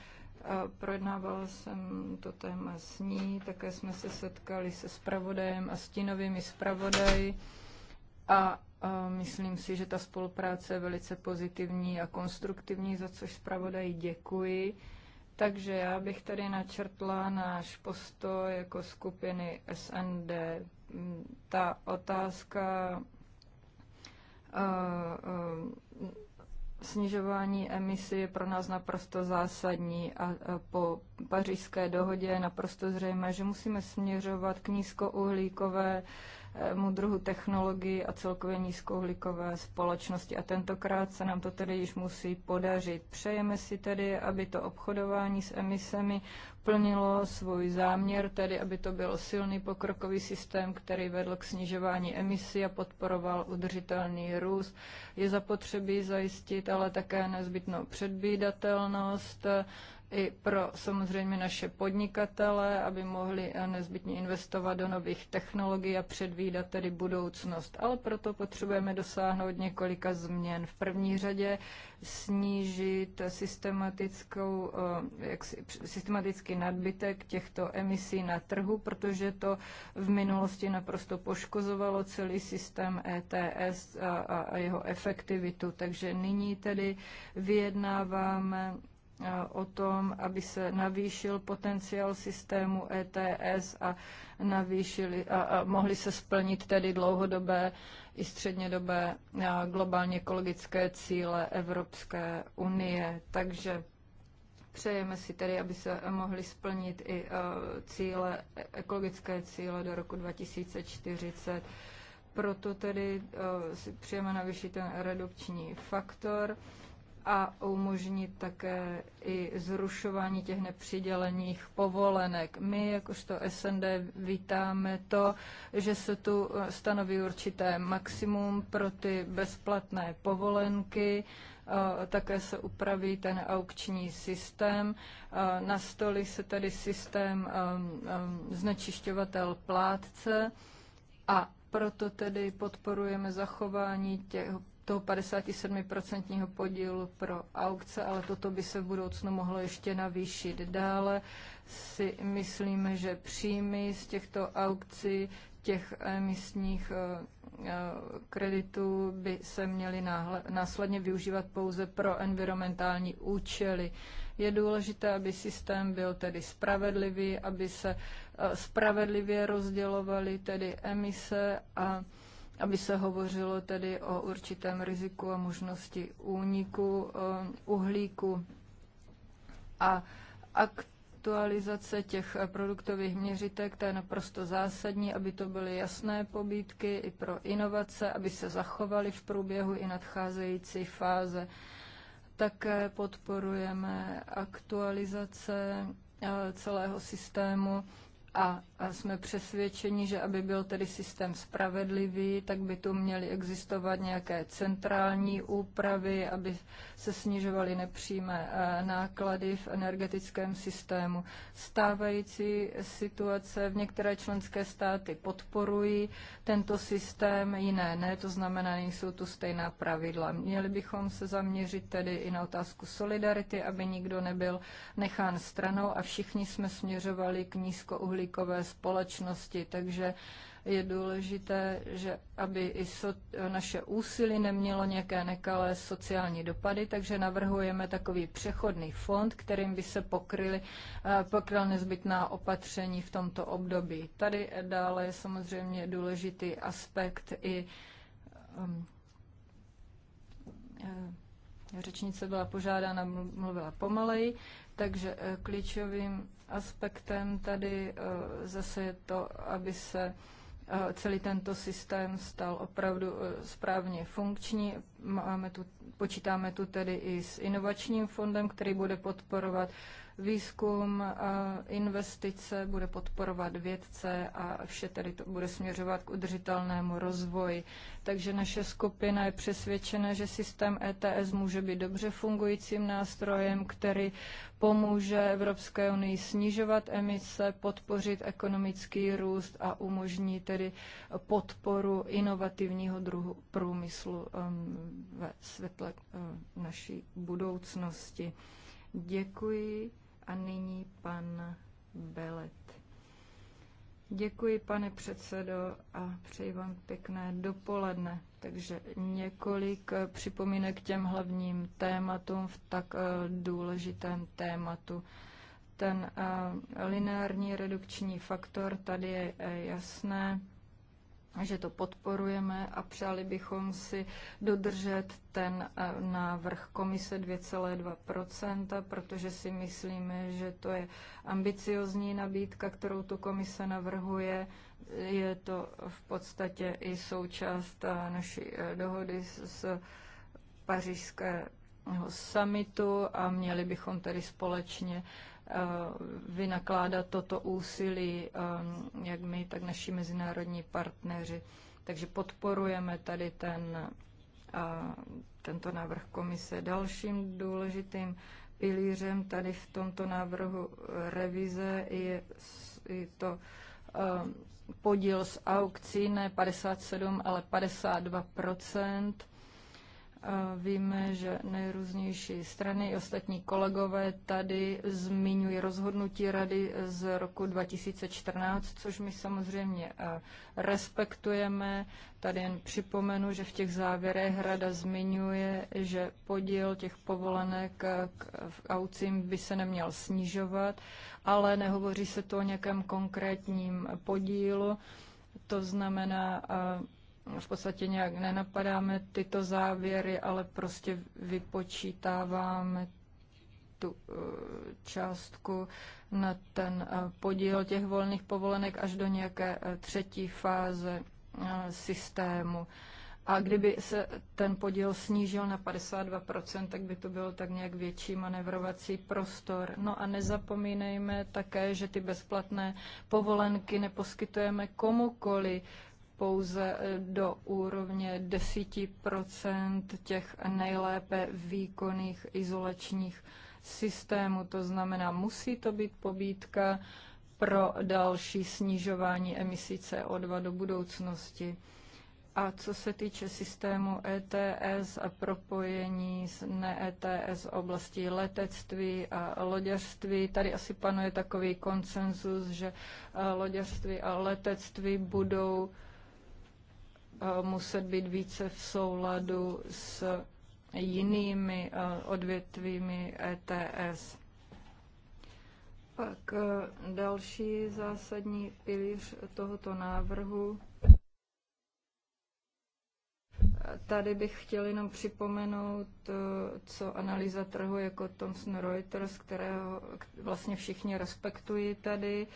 Projednávala jsem to téma s ní, také jsme se setkali se spravodajem a stínovými spravodaji a, a myslím si, že ta spolupráce je velice pozitivní a konstruktivní, za což spravodají děkuji. Takže já bych tady načrtla náš postoj jako skupiny SND. Ta otázka uh, uh, Snižování emisí je pro nás naprosto zásadní a po pařížské dohodě je naprosto zřejmé, že musíme směřovat k nízkouhlíkové mu druhu technologii a celkově nízkouhlíkové společnosti. A tentokrát se nám to tedy již musí podařit. Přejeme si tedy, aby to obchodování s emisemi plnilo svůj záměr, tedy aby to byl silný pokrokový systém, který vedl k snižování emisí a podporoval udržitelný růst. Je zapotřebí zajistit ale také nezbytnou předvídatelnost, i pro samozřejmě naše podnikatele, aby mohli eh, nezbytně investovat do nových technologií a předvídat tedy budoucnost. Ale proto potřebujeme dosáhnout několika změn. V první řadě snížit systematickou, eh, jaksi, systematický nadbytek těchto emisí na trhu, protože to v minulosti naprosto poškozovalo celý systém ETS a, a jeho efektivitu. Takže nyní tedy vyjednáváme o tom, aby se navýšil potenciál systému ETS a, navýšili, a, a mohly se splnit tedy dlouhodobé i střednědobé globálně ekologické cíle Evropské unie. Takže přejeme si tedy, aby se mohly splnit i cíle, ekologické cíle do roku 2040. Proto tedy si přejeme navýšit ten redukční faktor a umožnit také i zrušování těch nepřidělených povolenek. My jakožto SND vítáme to, že se tu stanoví určité maximum pro ty bezplatné povolenky, eh, také se upraví ten aukční systém. Eh, Na stoli se tady systém eh, znečišťovatel plátce a proto tedy podporujeme zachování těch toho 57% podílu pro aukce, ale toto by se v budoucnu mohlo ještě navýšit. Dále si myslíme, že příjmy z těchto aukcí, těch emisních eh, eh, kreditů by se měly následně využívat pouze pro environmentální účely. Je důležité, aby systém byl tedy spravedlivý, aby se eh, spravedlivě rozdělovaly tedy emise a aby se hovořilo tedy o určitém riziku a možnosti úniku eh, uhlíku a aktualizace těch produktových měřitek, to je naprosto zásadní, aby to byly jasné pobídky i pro inovace, aby se zachovaly v průběhu i nadcházející fáze. Také podporujeme aktualizace eh, celého systému a jsme přesvědčeni, že aby byl tedy systém spravedlivý, tak by tu měly existovat nějaké centrální úpravy, aby se snižovaly nepřímé e, náklady v energetickém systému. Stávající situace v některé členské státy podporují tento systém, jiné ne, to znamená, nejsou tu stejná pravidla. Měli bychom se zaměřit tedy i na otázku solidarity, aby nikdo nebyl nechán stranou a všichni jsme směřovali k nízkouhlí uhlíkové společnosti, takže je důležité, že aby i so, naše úsilí nemělo nějaké nekalé sociální dopady, takže navrhujeme takový přechodný fond, kterým by se pokryly, eh, pokryl nezbytná opatření v tomto období. Tady dále je samozřejmě důležitý aspekt i um, řečnice byla požádána, mluvila pomaleji. Takže eh, klíčovým aspektem tady eh, zase je to, aby se eh, celý tento systém stal opravdu správně funkční. Máme tu, počítáme tu tedy i s inovačním fondem, který bude podporovat výzkum, eh, investice, bude podporovat vědce a vše tedy to bude směřovat k udržitelnému rozvoji. Takže naše skupina je přesvědčena, že systém ETS může být dobře fungujícím nástrojem, který pomůže Evropské unii snižovat emise, podpořit ekonomický růst a umožní tedy podporu inovativního druhu průmyslu ve světle naší budoucnosti. Děkuji. A nyní pan Belet. Děkuji, pane předsedo, a přeji vám pěkné dopoledne. Takže několik připomínek k těm hlavním tématům v tak eh, důležitém tématu. Ten eh, lineární redukční faktor, tady je eh, jasné, že to podporujeme a přáli bychom si dodržet ten eh, návrh komise 2,2%, protože si myslíme, že to je ambiciozní nabídka, kterou tu komise navrhuje. Je to v podstatě i součást eh, naší eh, dohody s pařížského summitu a měli bychom tedy společně Eh, vynakládat toto úsilí, eh, jak my, tak naši mezinárodní partneři. Takže podporujeme tady ten, eh, tento návrh komise. Dalším důležitým pilířem tady v tomto návrhu revize je, je to podíl z aukcí, ne 57, ale 52 Víme, že nejrůznější strany i ostatní kolegové tady zmiňují rozhodnutí rady z roku 2014, což my samozřejmě eh, respektujeme. Tady jen připomenu, že v těch závěrech rada zmiňuje, že podíl těch povolenek eh, v aucím by se neměl snižovat, ale nehovoří se to o nějakém konkrétním podílu. To znamená, eh, v podstatě nějak nenapadáme tyto závěry, ale prostě vypočítáváme tu eh, částku na ten eh, podíl těch volných povolenek až do nějaké eh, třetí fáze systému. A kdyby se ten podíl snížil na 52%, tak by to bylo tak nějak větší manevrovací prostor. No a nezapomínejme také, že ty bezplatné povolenky neposkytujeme komukoli, pouze eh, do úrovně 10 těch nejlépe výkonných izolačních systémů. To znamená, musí to být pobídka pro další snižování emisí CO2 do budoucnosti. A co se týče systému ETS a propojení s ne-ETS oblastí letectví a loděřství, tady asi panuje takový konsenzus, že eh, loděřství a letectví budou muset být více v souladu s jinými odvětvími ETS. Pak další zásadní pilíř tohoto návrhu. Tady bych chtěl jenom připomenout, co analýza trhu jako Thomson Reuters, kterého vlastně všichni respektují tady,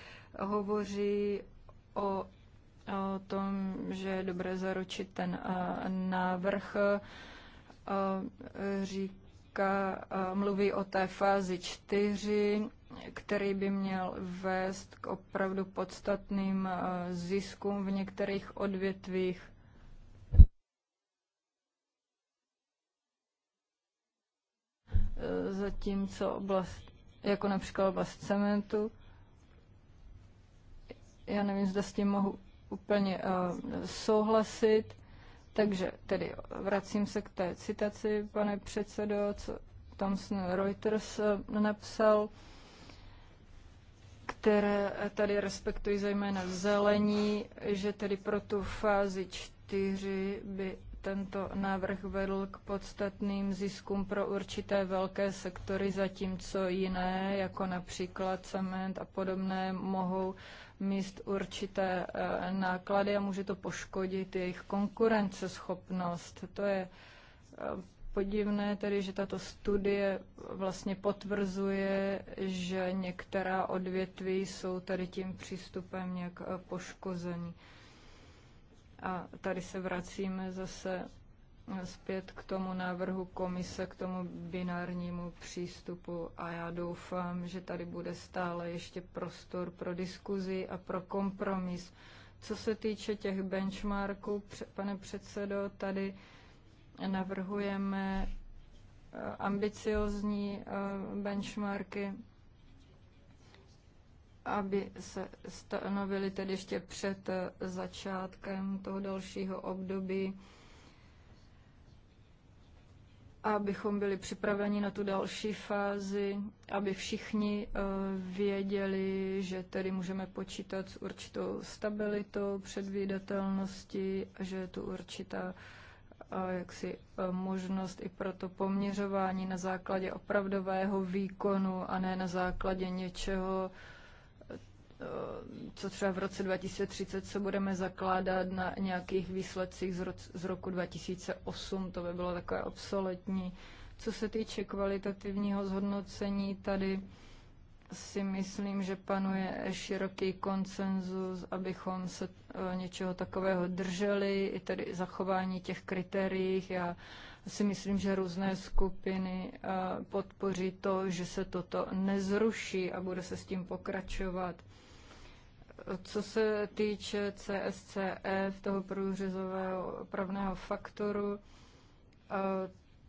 hovoří o o tom, že je dobré zaručit ten návrh, říká, mluví o té fázi čtyři, který by měl vést k opravdu podstatným ziskům v některých odvětvích. Zatímco oblast, jako například oblast cementu, já nevím, zda s tím mohu úplně eh, souhlasit. Takže tedy vracím se k té citaci, pane předsedo, co Thomson Reuters eh, napsal, které tady respektují zejména zelení, že tedy pro tu fázi čtyři by tento návrh vedl k podstatným ziskům pro určité velké sektory, zatímco jiné, jako například cement a podobné, mohou míst určité eh, náklady a může to poškodit jejich konkurenceschopnost. To je eh, podivné tedy, že tato studie vlastně potvrzuje, že některá odvětví jsou tady tím přístupem nějak eh, poškození. A tady se vracíme zase zpět k tomu návrhu komise, k tomu binárnímu přístupu a já doufám, že tady bude stále ještě prostor pro diskuzi a pro kompromis. Co se týče těch benchmarků, pane předsedo, tady navrhujeme eh, ambiciozní eh, benchmarky aby se stanovili tedy ještě před eh, začátkem toho dalšího období, abychom byli připraveni na tu další fázi, aby všichni eh, věděli, že tedy můžeme počítat s určitou stabilitou, předvídatelnosti, že je tu určitá eh, jaksi možnost i pro to poměřování na základě opravdového výkonu a ne na základě něčeho, Eh, co třeba v roce 2030 se budeme zakládat na nějakých výsledcích z, roc, z roku 2008, to by bylo takové obsoletní. Co se týče kvalitativního zhodnocení, tady si myslím, že panuje široký konsenzus, abychom se eh, něčeho takového drželi, i tedy zachování těch kritérií. Já si myslím, že různé skupiny eh, podpoří to, že se toto nezruší a bude se s tím pokračovat. Co se týče CSCF, e, toho průřezového opravného faktoru, e,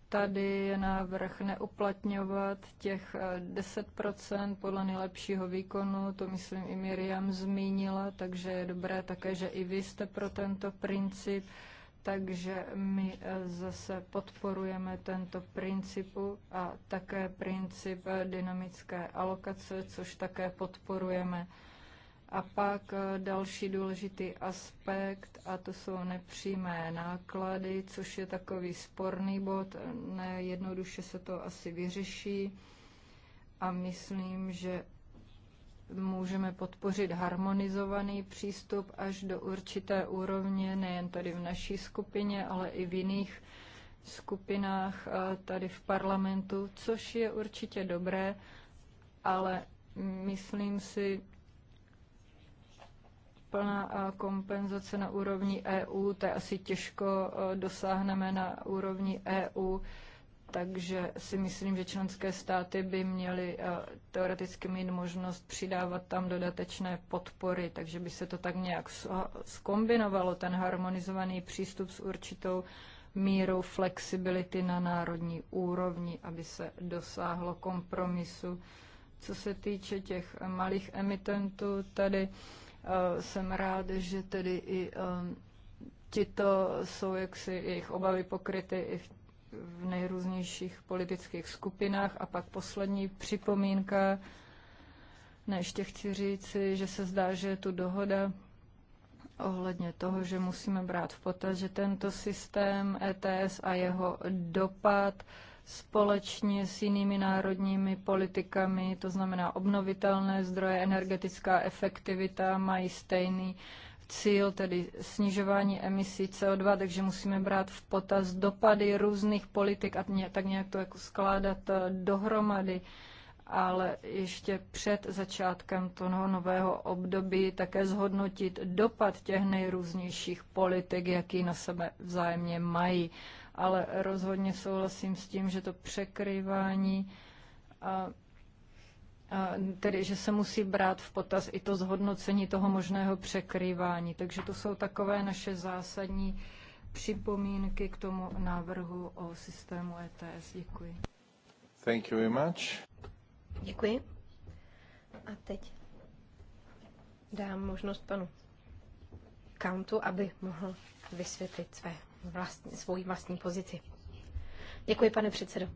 tady je návrh neuplatňovat těch 10 e, podle nejlepšího výkonu, to myslím i Miriam zmínila, takže je dobré také, že i vy jste pro tento princip, takže my zase podporujeme tento principu a také princip dynamické alokace, což také podporujeme. A pak eh, další důležitý aspekt, a to jsou nepřímé náklady, což je takový sporný bod, nejednoduše se to asi vyřeší. A myslím, že můžeme podpořit harmonizovaný přístup až do určité úrovně, nejen tady v naší skupině, ale i v jiných skupinách eh, tady v parlamentu, což je určitě dobré, ale myslím si, plná kompenzace na úrovni EU, to je asi těžko e, dosáhneme na úrovni EU, takže si myslím, že členské státy by měly e, teoreticky mít možnost přidávat tam dodatečné podpory, takže by se to tak nějak skombinovalo, ten harmonizovaný přístup s určitou mírou flexibility na národní úrovni, aby se dosáhlo kompromisu. Co se týče těch malých emitentů, tady Eh, jsem rád, že tedy i ehm, tito jsou jaksi jejich obavy pokryty i v nejrůznějších politických skupinách. A pak poslední připomínka, ne, ještě chci říci, že se zdá, že je tu dohoda ohledně toho, že musíme brát v potaz, že tento systém ETS a jeho dopad společně s jinými národními politikami, to znamená obnovitelné zdroje, energetická efektivita, mají stejný cíl, tedy snižování emisí CO2, takže musíme brát v potaz dopady různých politik a tak nějak to jako skládat eh, dohromady. Ale ještě před začátkem toho nového období také zhodnotit dopad těch nejrůznějších politik, jaký na sebe vzájemně mají ale rozhodně souhlasím s tím, že to překrývání a tedy, že se musí brát v potaz i to zhodnocení toho možného překrývání. Takže to jsou takové naše zásadní připomínky k tomu návrhu o systému ETS. Děkuji. Thank you very much. Děkuji. A teď dám možnost panu Kantu, aby mohl vysvětlit své vlastní, svoji vlastní pozici. Děkuji, pane předsedo.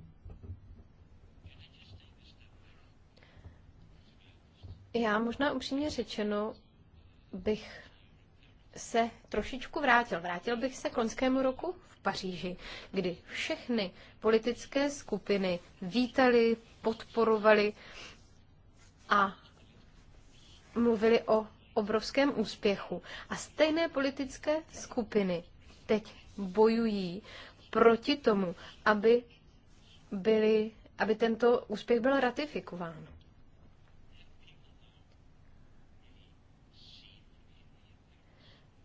Já možná upřímně řečeno bych se trošičku vrátil. Vrátil bych se k loňskému roku v Paříži, kdy všechny politické skupiny vítali, podporovali a mluvili o obrovském úspěchu. A stejné politické skupiny teď bojují proti tomu, aby, byli, aby tento úspěch byl ratifikován.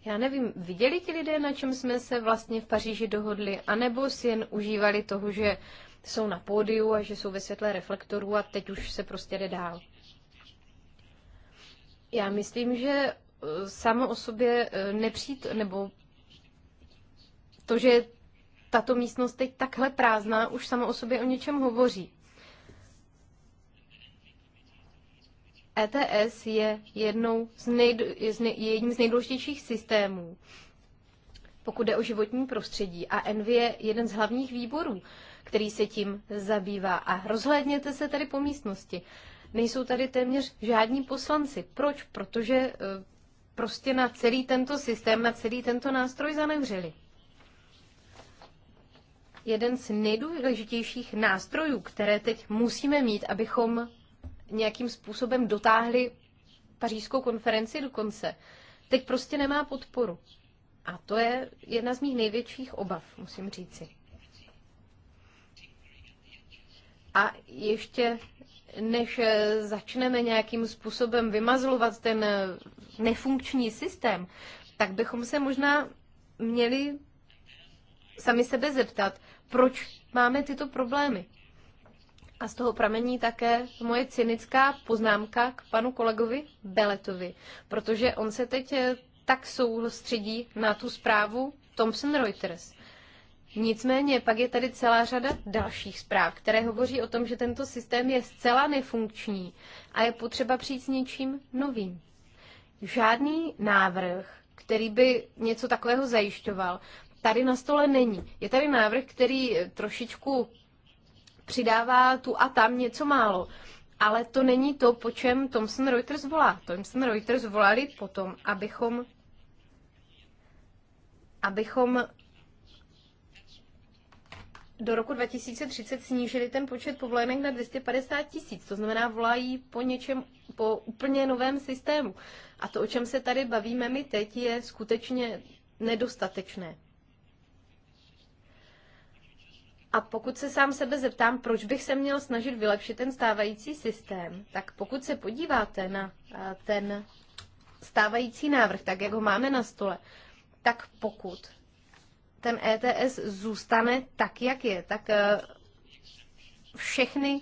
Já nevím, viděli ti lidé, na čem jsme se vlastně v Paříži dohodli, anebo si jen užívali toho, že jsou na pódiu a že jsou ve světle reflektorů a teď už se prostě jde dál. Já myslím, že eh, samo o sobě eh, nepřít, nebo to, že tato místnost teď takhle prázdná, už samo o sobě o něčem hovoří. ETS je, jednou z nejdu, je, z je jedním z nejdůležitějších systémů, pokud jde o životní prostředí. A Envy je jeden z hlavních výborů, který se tím zabývá. A rozhlédněte se tady po místnosti. Nejsou tady téměř žádní poslanci. Proč? Protože eh, prostě na celý tento systém, na celý tento nástroj zanevřeli jeden z nejdůležitějších nástrojů, které teď musíme mít, abychom nějakým způsobem dotáhli pařížskou konferenci do konce, teď prostě nemá podporu. A to je jedna z mých největších obav, musím říci. A ještě než začneme nějakým způsobem vymazlovat ten nefunkční systém, tak bychom se možná měli sami sebe zeptat, proč máme tyto problémy. A z toho pramení také moje cynická poznámka k panu kolegovi Beletovi, protože on se teď eh, tak soustředí na tu zprávu Thomson Reuters. Nicméně pak je tady celá řada dalších zpráv, které hovoří o tom, že tento systém je zcela nefunkční a je potřeba přijít s něčím novým. Žádný návrh, který by něco takového zajišťoval, tady na stole není. Je tady návrh, který trošičku přidává tu a tam něco málo. Ale to není to, po čem Thomson Reuters volá. Thomson Reuters volali potom, abychom abychom do roku 2030 snížili ten počet povolenek na 250 tisíc. To znamená, volají po něčem, po úplně novém systému. A to, o čem se tady bavíme my teď, je skutečně nedostatečné. A pokud se sám sebe zeptám, proč bych se měl snažit vylepšit ten stávající systém, tak pokud se podíváte na eh, ten stávající návrh, tak jak ho máme na stole, tak pokud ten ETS zůstane tak, jak je, tak eh, všechny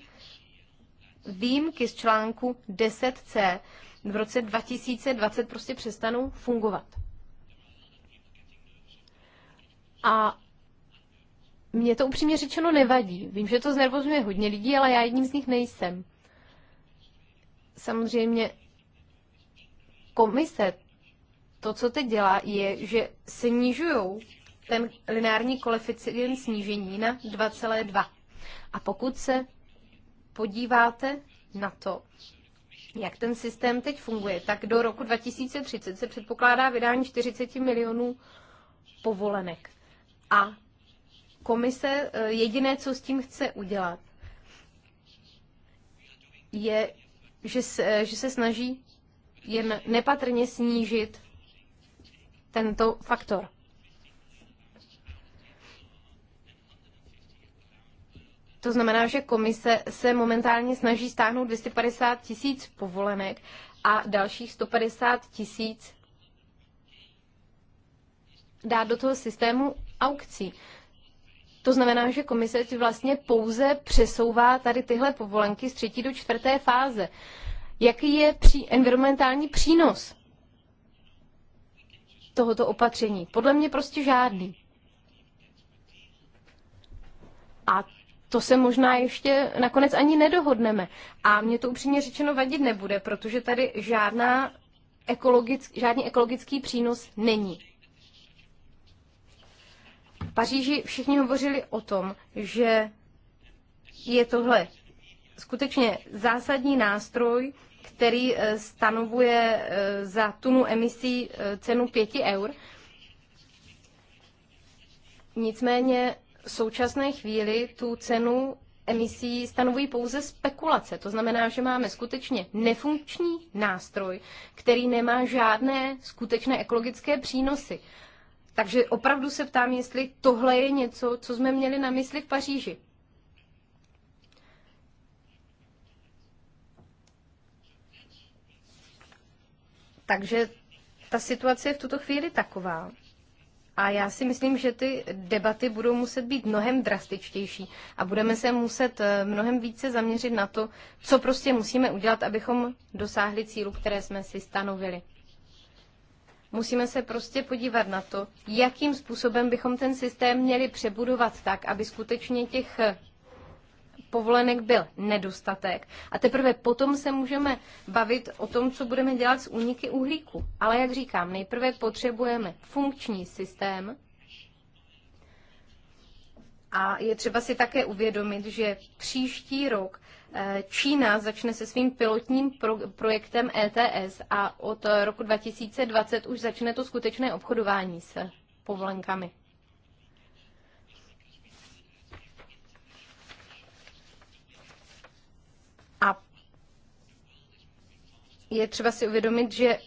výjimky z článku 10c v roce 2020 prostě přestanou fungovat. A mě to upřímně řečeno nevadí. Vím, že to znervozňuje hodně lidí, ale já jedním z nich nejsem. Samozřejmě komise to, co teď dělá, je, že snižují ten lineární koeficient snížení na 2,2. A pokud se podíváte na to, jak ten systém teď funguje, tak do roku 2030 se předpokládá vydání 40 milionů povolenek. A komise eh, jediné, co s tím chce udělat, je, že se, eh, že se snaží jen nepatrně snížit tento faktor. To znamená, že komise se momentálně snaží stáhnout 250 tisíc povolenek a dalších 150 tisíc dát do toho systému aukcí. To znamená, že komise vlastně pouze přesouvá tady tyhle povolenky z třetí do čtvrté fáze. Jaký je pří, environmentální přínos tohoto opatření? Podle mě prostě žádný. A to se možná ještě nakonec ani nedohodneme. A mě to upřímně řečeno vadit nebude, protože tady žádná ekologick, žádný ekologický přínos není. Paříži všichni hovořili o tom, že je tohle skutečně zásadní nástroj, který eh, stanovuje eh, za tunu emisí eh, cenu 5 eur. Nicméně v současné chvíli tu cenu emisí stanovují pouze spekulace. To znamená, že máme skutečně nefunkční nástroj, který nemá žádné skutečné ekologické přínosy. Takže opravdu se ptám, jestli tohle je něco, co jsme měli na mysli v Paříži. Takže ta situace je v tuto chvíli taková. A já si myslím, že ty debaty budou muset být mnohem drastičtější a budeme se muset eh, mnohem více zaměřit na to, co prostě musíme udělat, abychom dosáhli cílu, které jsme si stanovili. Musíme se prostě podívat na to, jakým způsobem bychom ten systém měli přebudovat tak, aby skutečně těch povolenek byl nedostatek. A teprve potom se můžeme bavit o tom, co budeme dělat s úniky uhlíku. Ale jak říkám, nejprve potřebujeme funkční systém, a je třeba si také uvědomit, že příští rok Eh, Čína začne se svým pilotním pro- projektem ETS a od eh, roku 2020 už začne to skutečné obchodování s povolenkami. A je třeba si uvědomit, že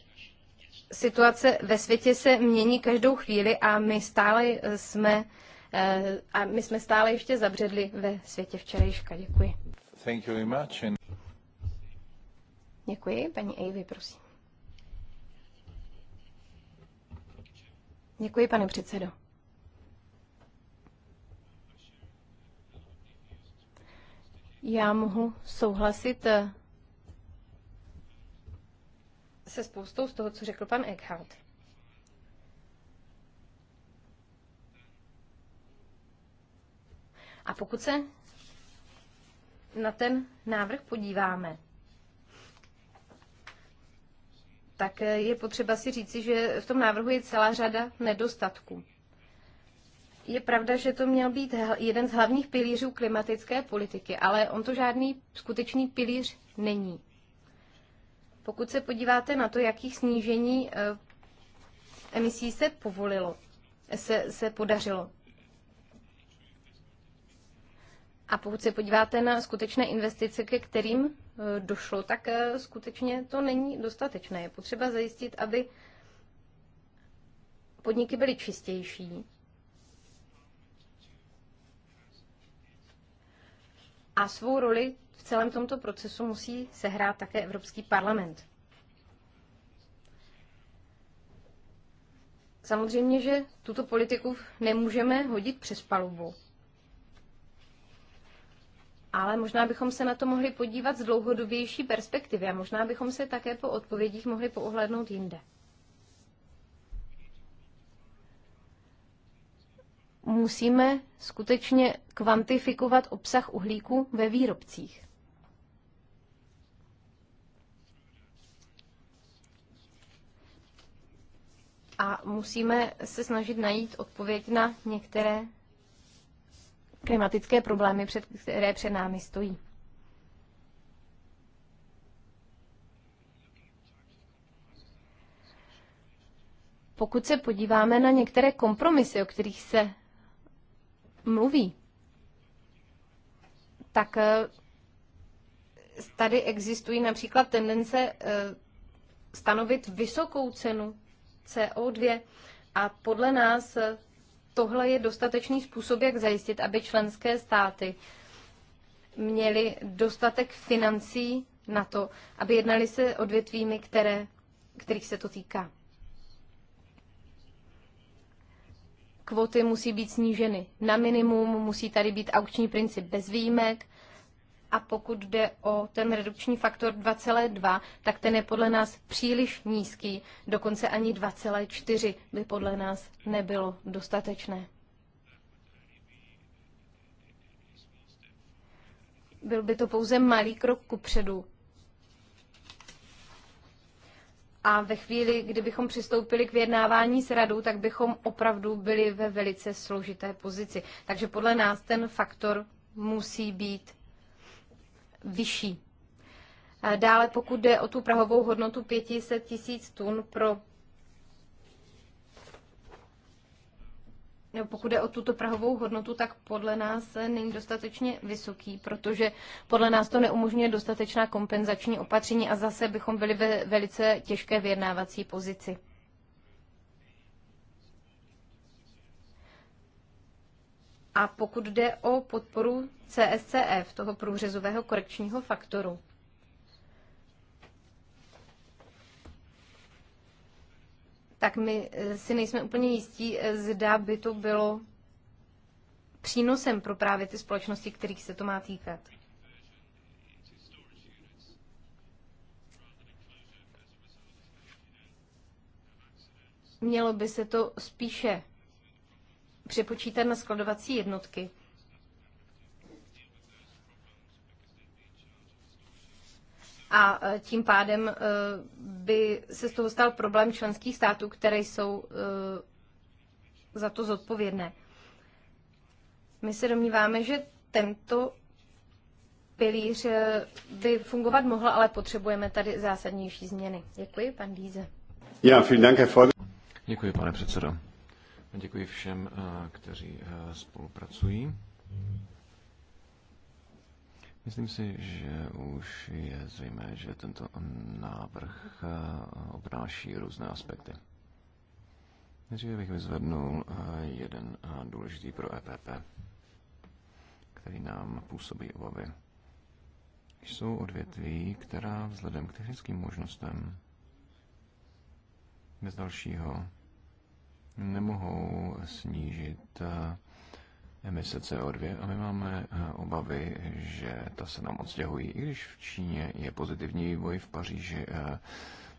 situace ve světě se mění každou chvíli a my stále eh, jsme a my jsme stále ještě zabředli ve světě včerejška. Děkuji. Thank you very much. And... Děkuji. Paní Avey, prosím. Děkuji, pane předsedo. Já mohu souhlasit eh, se spoustou z toho, co řekl pan Eckhout. A pokud se na ten návrh podíváme, tak eh, je potřeba si říci, že v tom návrhu je celá řada nedostatků. Je pravda, že to měl být jeden z hlavních pilířů klimatické politiky, ale on to žádný skutečný pilíř není. Pokud se podíváte na to, jakých snížení eh, emisí se povolilo, se, se podařilo, A pokud se podíváte na skutečné investice, ke kterým eh, došlo, tak eh, skutečně to není dostatečné. Je potřeba zajistit, aby podniky byly čistější. A svou roli v celém tomto procesu musí sehrát také Evropský parlament. Samozřejmě, že tuto politiku nemůžeme hodit přes palubu ale možná bychom se na to mohli podívat z dlouhodobější perspektivy a možná bychom se také po odpovědích mohli poohlednout jinde. Musíme skutečně kvantifikovat obsah uhlíku ve výrobcích. A musíme se snažit najít odpověď na některé klimatické problémy, před, které před námi stojí. Pokud se podíváme na některé kompromisy, o kterých se mluví, tak eh, tady existují například tendence eh, stanovit vysokou cenu CO2 a podle nás eh, tohle je dostatečný způsob, jak zajistit, aby členské státy měly dostatek financí na to, aby jednali se odvětvími, které, kterých se to týká. Kvoty musí být sníženy na minimum, musí tady být aukční princip bez výjimek, a pokud jde o ten redukční faktor 2,2, tak ten je podle nás příliš nízký, dokonce ani 2,4 by podle nás nebylo dostatečné. Byl by to pouze malý krok kupředu. A ve chvíli, kdybychom přistoupili k vyjednávání s radou, tak bychom opravdu byli ve velice složité pozici. Takže podle nás ten faktor musí být vyšší. Dále, pokud jde o tu prahovou hodnotu 500 tisíc tun pro pokud jde o tuto prahovou hodnotu, tak podle nás není dostatečně vysoký, protože podle nás to neumožňuje dostatečná kompenzační opatření a zase bychom byli ve velice těžké vyjednávací pozici. A pokud jde o podporu CSCF, e toho průřezového korekčního faktoru, tak my eh, si nejsme úplně jistí, eh, zda by to bylo přínosem pro právě ty společnosti, kterých se to má týkat. Mělo by se to spíše přepočítat na skladovací jednotky. A e, tím pádem e, by se z toho stal problém členských států, které jsou e, za to zodpovědné. My se domníváme, že tento pilíř by fungovat mohl, ale potřebujeme tady zásadnější změny. Děkuji, pan Díze. Já, Děkuji, pane předsedo. Děkuji všem, eh, kteří eh, spolupracují. Myslím si, že už je zřejmé, že tento návrh eh, obnáší různé aspekty. Nejdříve bych vyzvednul jeden důležitý pro EPP, který nám působí obavy. Jsou odvětví, která vzhledem k technickým možnostem bez dalšího nemohou snížit eh, emise CO2 a my máme eh, obavy, že ta se nám odstěhují. I když v Číně je pozitivní vývoj, v Paříži eh,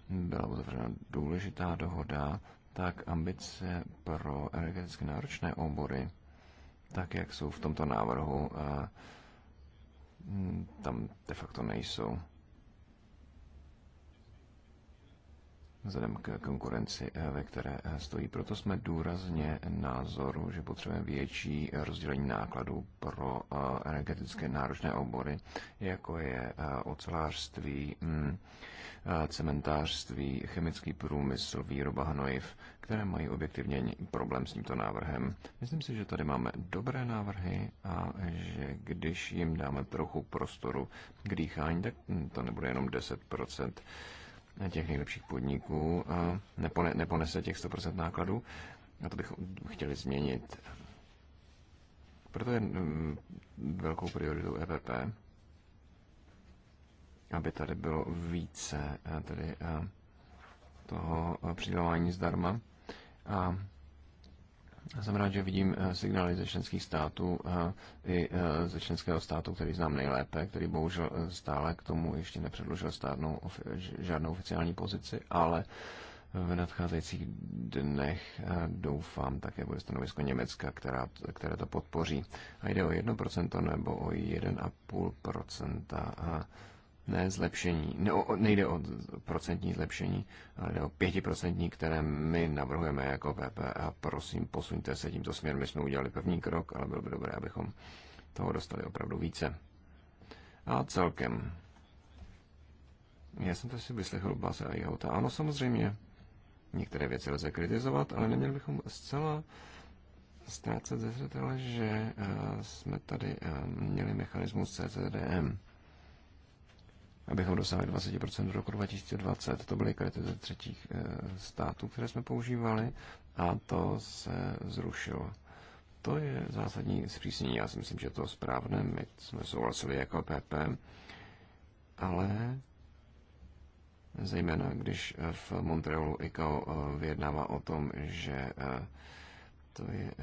byla uzavřena důležitá dohoda, tak ambice pro energeticky náročné obory, tak jak jsou v tomto návrhu, mm, tam de facto nejsou. vzhledem k konkurenci, eh, ve které eh, stojí. Proto jsme důrazně názoru, že potřebujeme větší rozdělení nákladů pro eh, energetické náročné obory, jako je ocelářství, hm, cementářství, chemický průmysl, výroba hnojiv, které mají objektivně problém s tímto návrhem. Myslím si, že tady máme dobré návrhy a že když jim dáme trochu prostoru k dýchání, tak to nebude jenom 10 těch nejlepších podniků nepone, neponese těch 100% nákladů. A to bychom chtěli změnit. Proto je mm, velkou prioritou EPP, aby tady bylo více eh, tedy eh, toho přidávání zdarma. A jsem rád, že vidím eh, signály ze členských států eh, i eh, ze členského státu, který znám nejlépe, který bohužel stále k tomu ještě nepředložil státnou žádnou oficiální pozici, ale v nadcházejících dnech doufám také bude stanovisko Německa, která, které to podpoří. A jde o 1% nebo o 1,5% ne zlepšení, ne, o, nejde o procentní zlepšení, ale jde o pětiprocentní, které my navrhujeme jako PP a prosím, posuňte se tímto směrem. My jsme udělali první krok, ale bylo by dobré, abychom toho dostali opravdu více. A celkem. Já jsem to si vyslechl Baze a jeho. Ano, samozřejmě. Některé věci lze kritizovat, ale neměli bychom zcela ztrácet ze zřetele, že eh, jsme tady eh, měli mechanismus CCDM abychom dosáhli 20% do roku 2020. To byly kredity ze třetích eh, států, které jsme používali a to se zrušilo. To je zásadní zpřísnění. Já si myslím, že to je správné. My jsme souhlasili jako PP, ale zejména když eh, v Montrealu ICAO eh, vyjednává o tom, že to je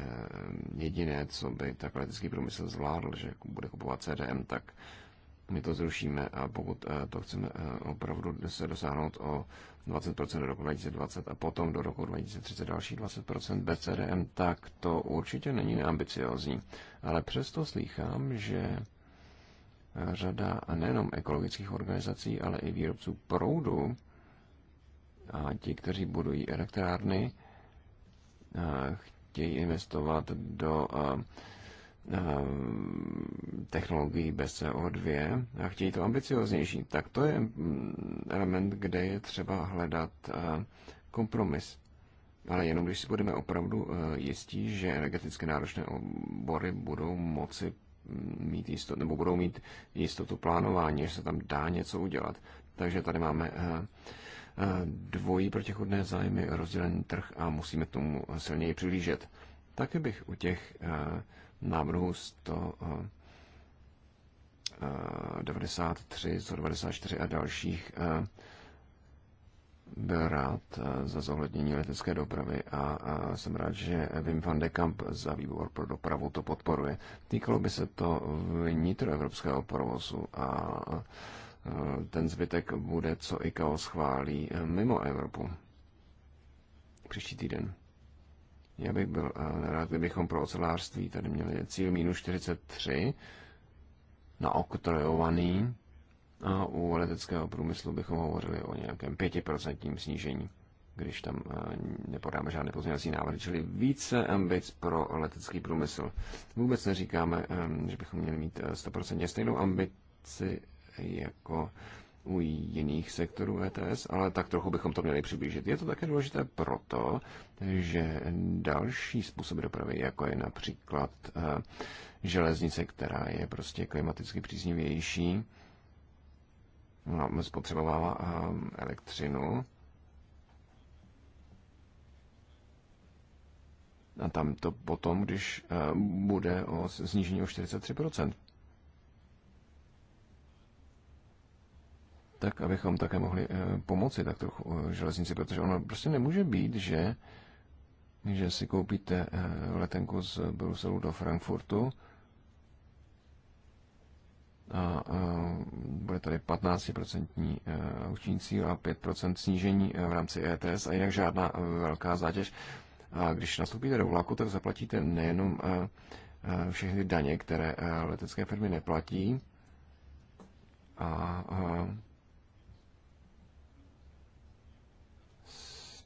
jediné, co by tak letecký průmysl zvládl, že bude kupovat CDM, tak my to zrušíme a pokud eh, to chceme eh, opravdu se dosáhnout o 20% do roku 2020 a potom do roku 2030 další 20% BCDM, tak to určitě není neambiciozní. Ale přesto slýchám, že řada nejenom ekologických organizací, ale i výrobců proudu a ti, kteří budují elektrárny, eh, chtějí investovat do Eh, technologií bez CO2 a chtějí to ambicioznější, tak to je mm, element, kde je třeba hledat eh, kompromis. Ale jenom když si budeme opravdu eh, jistí, že energeticky náročné obory budou moci mm, mít jistotu, nebo budou mít jistotu plánování, že se tam dá něco udělat. Takže tady máme dvojí protichodné zájmy, rozdělený trh a musíme tomu silněji přilížet. Taky bych u těch návrhu 193, 194 eh, eh, a dalších eh, byl rád za zohlednění letecké dopravy a jsem rád, že Wim van de Kamp za výbor pro dopravu to podporuje. Týkalo by se to vnitroevropského provozu a ten zbytek bude, co ICAO schválí mimo Evropu příští týden. Já bych byl eh, rád, kdybychom pro ocelářství tady měli cíl minus 43 na oktrojovaný a u leteckého průmyslu bychom hovořili o nějakém 5% snížení, když tam eh, nepodáme žádné pozměňovací návrhy, čili více ambic pro letecký průmysl. Vůbec neříkáme, eh, že bychom měli mít 100% stejnou ambici jako u jiných sektorů ETS, ale tak trochu bychom to měli přiblížit. Je to také důležité proto, že další způsoby dopravy, jako je například eh, železnice, která je prostě klimaticky příznivější, no, spotřebovává eh, elektřinu, a tam to potom, když eh, bude o snížení o 43%. tak abychom také mohli eh, pomoci tak trochu eh, železnici, protože ono prostě nemůže být, že, že si koupíte eh, letenku z Bruselu do Frankfurtu a, bude tady 15% účinný cíl a 5% snížení v rámci ETS a jinak žádná velká zátěž. A když nastoupíte do vlaku, tak zaplatíte nejenom všechny daně, které letecké firmy neplatí, a, a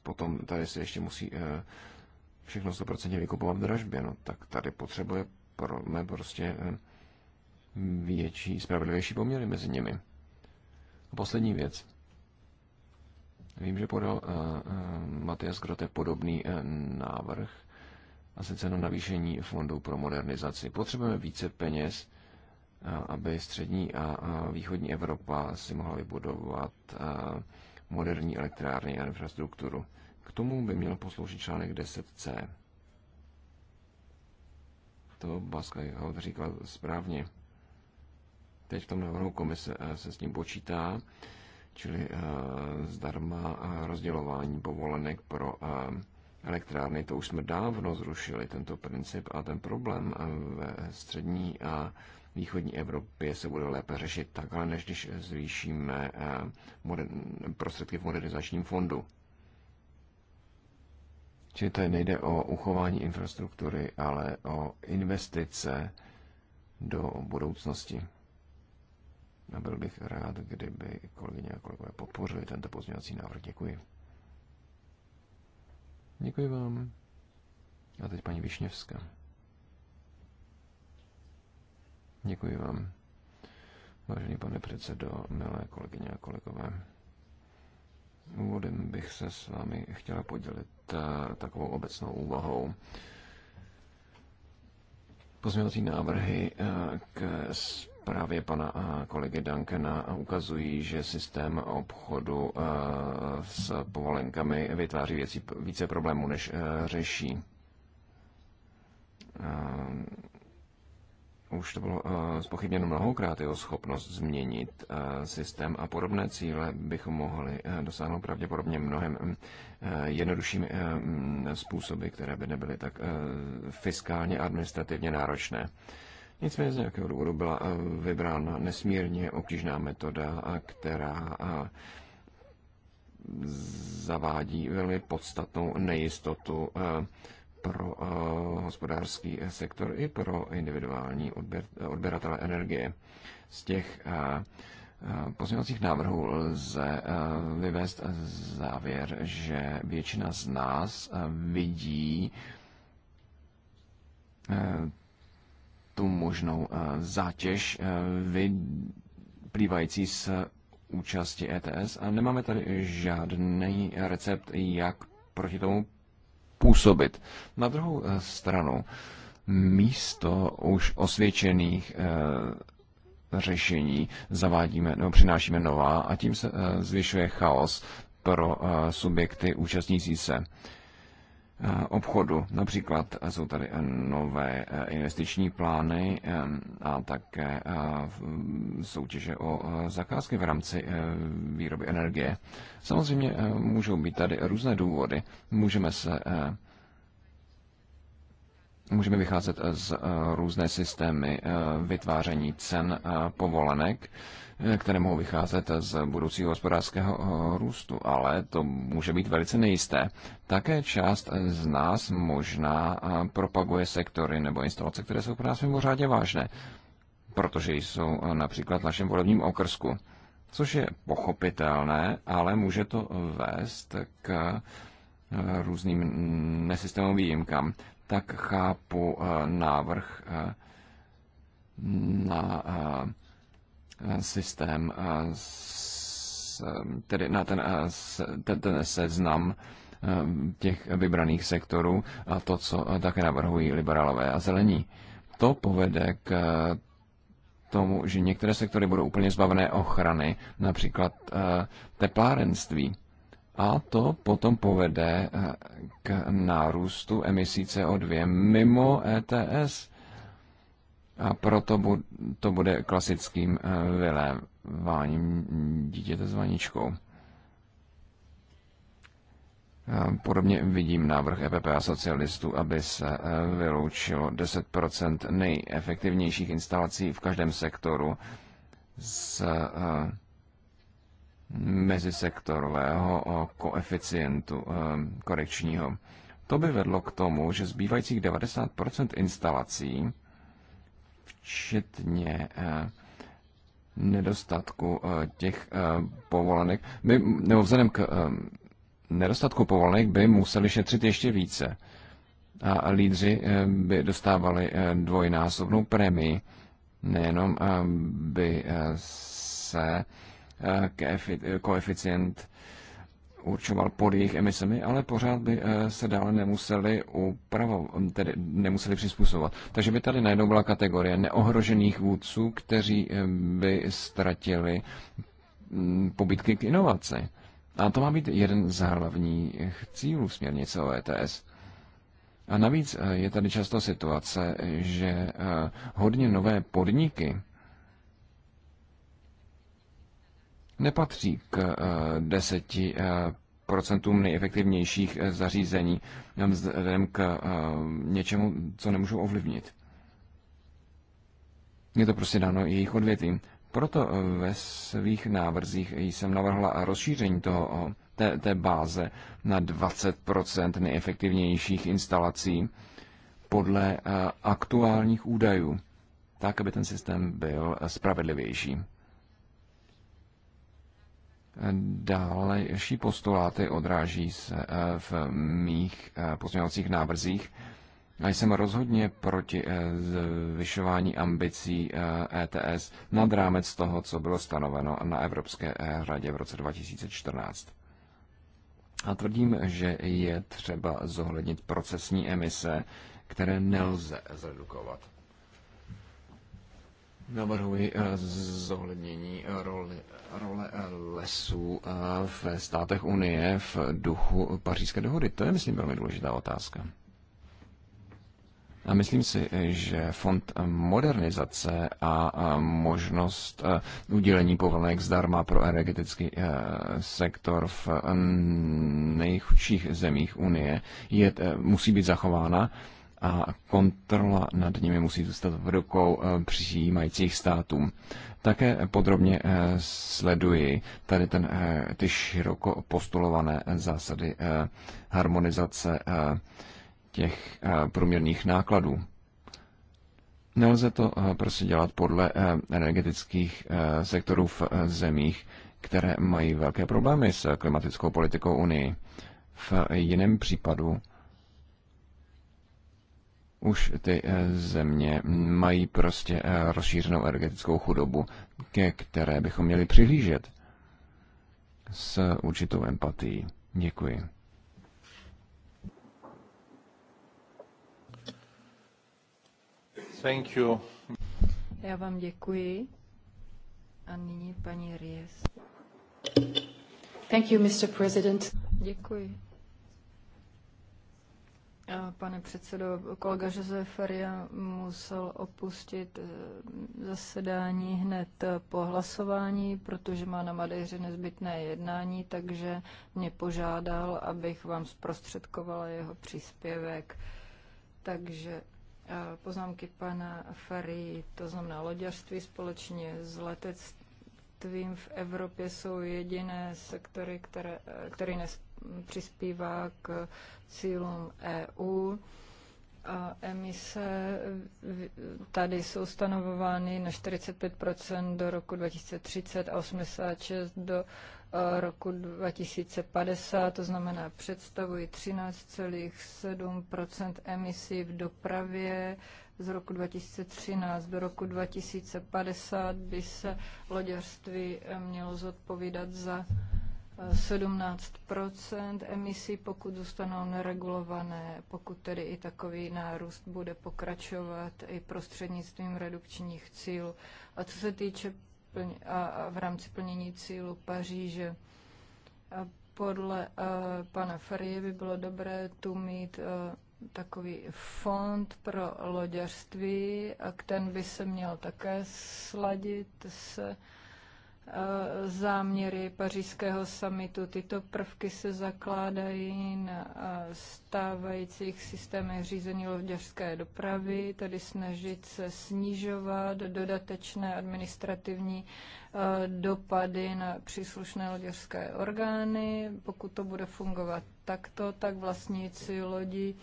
potom tady se ještě musí eh, všechno 100% vykupovat v dražbě, no tak tady potřebuje pro mě prostě eh, větší, spravedlivější poměry mezi nimi. A poslední věc. Vím, že podal uh, eh, uh, Matias Grote podobný uh, návrh, a sice na navýšení fondů pro modernizaci. Potřebujeme více peněz, uh, aby střední a uh, východní Evropa si mohla vybudovat uh, moderní elektrárny a infrastrukturu. K tomu by měl posloužit článek 10c. To Baska říkal správně. Teď v tom návrhu komise eh, se s ním počítá, čili eh, zdarma eh, rozdělování povolenek pro elektrárny. To už jsme dávno zrušili, tento princip a ten problém ve střední a východní Evropě se bude lépe řešit takhle, než když zvýšíme eh, prostředky v modernizačním fondu. Čili tady nejde o uchování infrastruktury, ale o investice do budoucnosti. A byl bych rád, kdyby kolegyně a kolegové podpořili tento pozměňovací návrh. Děkuji. Děkuji vám. A teď paní Višněvská. Děkuji vám, vážený pane předsedo, milé kolegyně a kolegové. Úvodem bych se s vámi chtěla podělit eh, takovou obecnou úvahou. Pozměňovací návrhy eh, k zprávě pana eh, kolegy Duncana ukazují, že systém obchodu s povolenkami vytváří věcí, více problémů, než řeší už to bylo spochybněno eh, mnohokrát, jeho schopnost změnit eh, systém a podobné cíle bychom mohli eh, dosáhnout pravděpodobně mnohem jednoduššími mm, způsoby, které by nebyly tak fiskálně administrativně náročné. Nicméně z nějakého důvodu byla vybrána nesmírně obtížná metoda, která zavádí velmi podstatnou nejistotu pro eh, hospodářský sektor i pro individuální odber, eh, odběratele energie. Z těch eh, pozměňovacích návrhů lze vyvést závěr, že většina z nás vidí tu možnou zátěž vyplývající z účasti ETS a nemáme tady žádný recept, jak proti tomu působit. Na druhou eh, stranu, místo už osvědčených eh, řešení zavádíme nebo přinášíme nová a tím se eh, zvyšuje chaos pro subjekty účastnící se. Eh, obchodu. Například jsou tady eh, nové eh, investiční plány a také soutěže o zakázky v rámci výroby energie. Samozřejmě můžou být tady různé důvody. Můžeme se Můžeme vycházet z různé systémy vytváření cen povolenek které mohou vycházet z budoucího hospodářského eh, růstu, ale to může být velice nejisté. Také část z nás možná eh, propaguje sektory nebo instalace, které jsou pro nás mimořádně vážné, protože jsou eh, například v našem volebním okrsku, což je pochopitelné, ale může to vést k různým nesystémovým výjimkám. Tak chápu návrh na Eh, systém, eh, eh, tedy na ten, ten, ten seznam těch vybraných sektorů a to, co také navrhují liberálové a zelení. To povede k tomu, že některé sektory budou úplně zbavené ochrany, například teplárenství. A to potom povede k nárůstu emisí CO2 mimo ETS a proto bu- to bude klasickým eh, vyléváním dítěte s vaničkou. Eh, podobně vidím návrh EPP a socialistů, aby se eh, vyloučilo 10 nejefektivnějších instalací v každém sektoru z mezisektorového koeficientu korekčního. To by vedlo k tomu, že zbývajících 90 instalací včetně eh, nedostatku eh, těch eh, povolenek, by, nebo vzhledem k nedostatku povolenek by museli šetřit ještě více. A lídři by dostávali dvojnásobnou prémii, nejenom by se koeficient určoval pod jejich emisemi, ale pořád by eh, se dále nemuseli upravo, tedy nemuseli přizpůsobovat. Takže by tady najednou byla kategorie neohrožených vůdců, kteří eh, by ztratili mm, pobytky k inovaci. A to má být jeden z hlavních cílů směrnice o ETS. A navíc eh, je tady často situace, že hodně nové podniky, nepatří k eh, deseti eh, procentům nejefektivnějších eh, zařízení vzhledem k něčemu, co nemůžu ovlivnit. Je to prostě dáno jejich odvětvím. Proto ve svých návrzích jsem navrhla rozšíření toho, té, té báze na 20% nejefektivnějších instalací podle aktuálních údajů, tak, aby ten systém byl spravedlivější. Další postuláty odráží se eh, v mých eh, pozměňovacích návrzích. A jsem rozhodně proti eh, zvyšování ambicí ETS e nad rámec toho, co bylo stanoveno na Evropské radě v roce 2014. A tvrdím, že je třeba zohlednit procesní emise, které nelze zredukovat. Navrhuji zohlednění roli role eh, lesů eh, ve státech Unie v duchu pařížské dohody? To je, myslím, velmi důležitá otázka. A myslím si, že fond modernizace a možnost eh, udělení povolenek zdarma pro energetický sektor v nejchudších zemích Unie je, musí být zachována a kontrola nad nimi musí zůstat v rukou eh, přijímajících státům. Také podrobně eh, sleduji tady ten, eh, ty široko postulované zásady harmonizace těch průměrných nákladů. Nelze to prostě dělat podle energetických sektorů v zemích, které mají velké problémy s klimatickou politikou Unii. V jiném případu už ty eh, země mají prostě eh, rozšířenou energetickou chudobu, ke které bychom měli přihlížet s určitou empatií. Děkuji. Thank you. Já vám děkuji. A nyní paní Ries. Thank you, Mr. President. Děkuji, Pane předsedo, kolega Jose Faria musel opustit eh, zasedání hned po hlasování, protože má na Madejře nezbytné jednání, takže mě požádal, abych vám zprostředkovala jeho příspěvek. Takže eh, poznámky pana Fary, to znamená loďařství společně s letectvím v Evropě jsou jediné sektory, které, eh, které nesplňují přispívá k cílům EU. A emise tady jsou stanovovány na 45 do roku 2030 a 86 do eh, roku 2050, to znamená představují 13,7 emisí v dopravě. Z roku 2013 do roku 2050 by se loďařství mělo zodpovídat za 17 emisí, pokud zůstanou neregulované, pokud tedy i takový nárůst bude pokračovat i prostřednictvím redukčních cílů. A co se týče a, a v rámci plnění cílu Paříže, a podle a, pana Farie by bylo dobré tu mít a, takový fond pro loďařství, a ten by se měl také sladit se Eh, záměry pařížského samitu. Tyto prvky se zakládají na eh, stávajících systémech řízení loďařské dopravy, tedy snažit se snižovat dodatečné administrativní eh, dopady na příslušné loďařské orgány. Pokud to bude fungovat takto, tak vlastníci lodí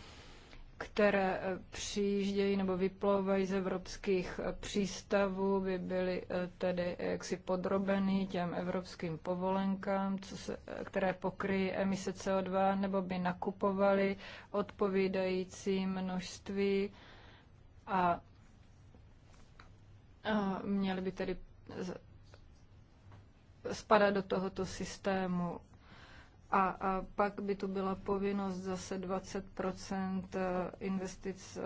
které eh, přijíždějí nebo vyplouvají z evropských eh, přístavů, by byly eh, tedy jaksi podrobeny těm evropským povolenkám, co se, které pokryjí emise CO2, nebo by nakupovaly odpovídající množství a, a měly by tedy spadat do tohoto systému a, a pak by tu byla povinnost zase 20 eh, investic,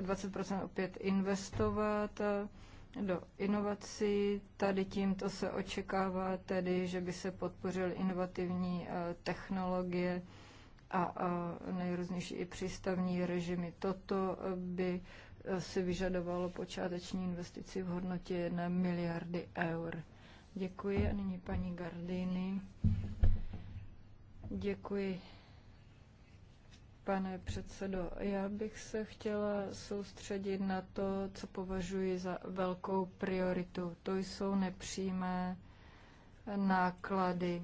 20 eh, opět investovat eh, do inovací. Tady tímto se očekává tedy, že by se podpořil inovativní technologie a, a nejrůznější i přístavní režimy. Toto by si vyžadovalo počáteční investici v hodnotě 1 miliardy eur. Děkuji a nyní paní Gardini. Děkuji, pane předsedo. Já bych se chtěla soustředit na to, co považuji za velkou prioritu. To jsou nepřímé náklady.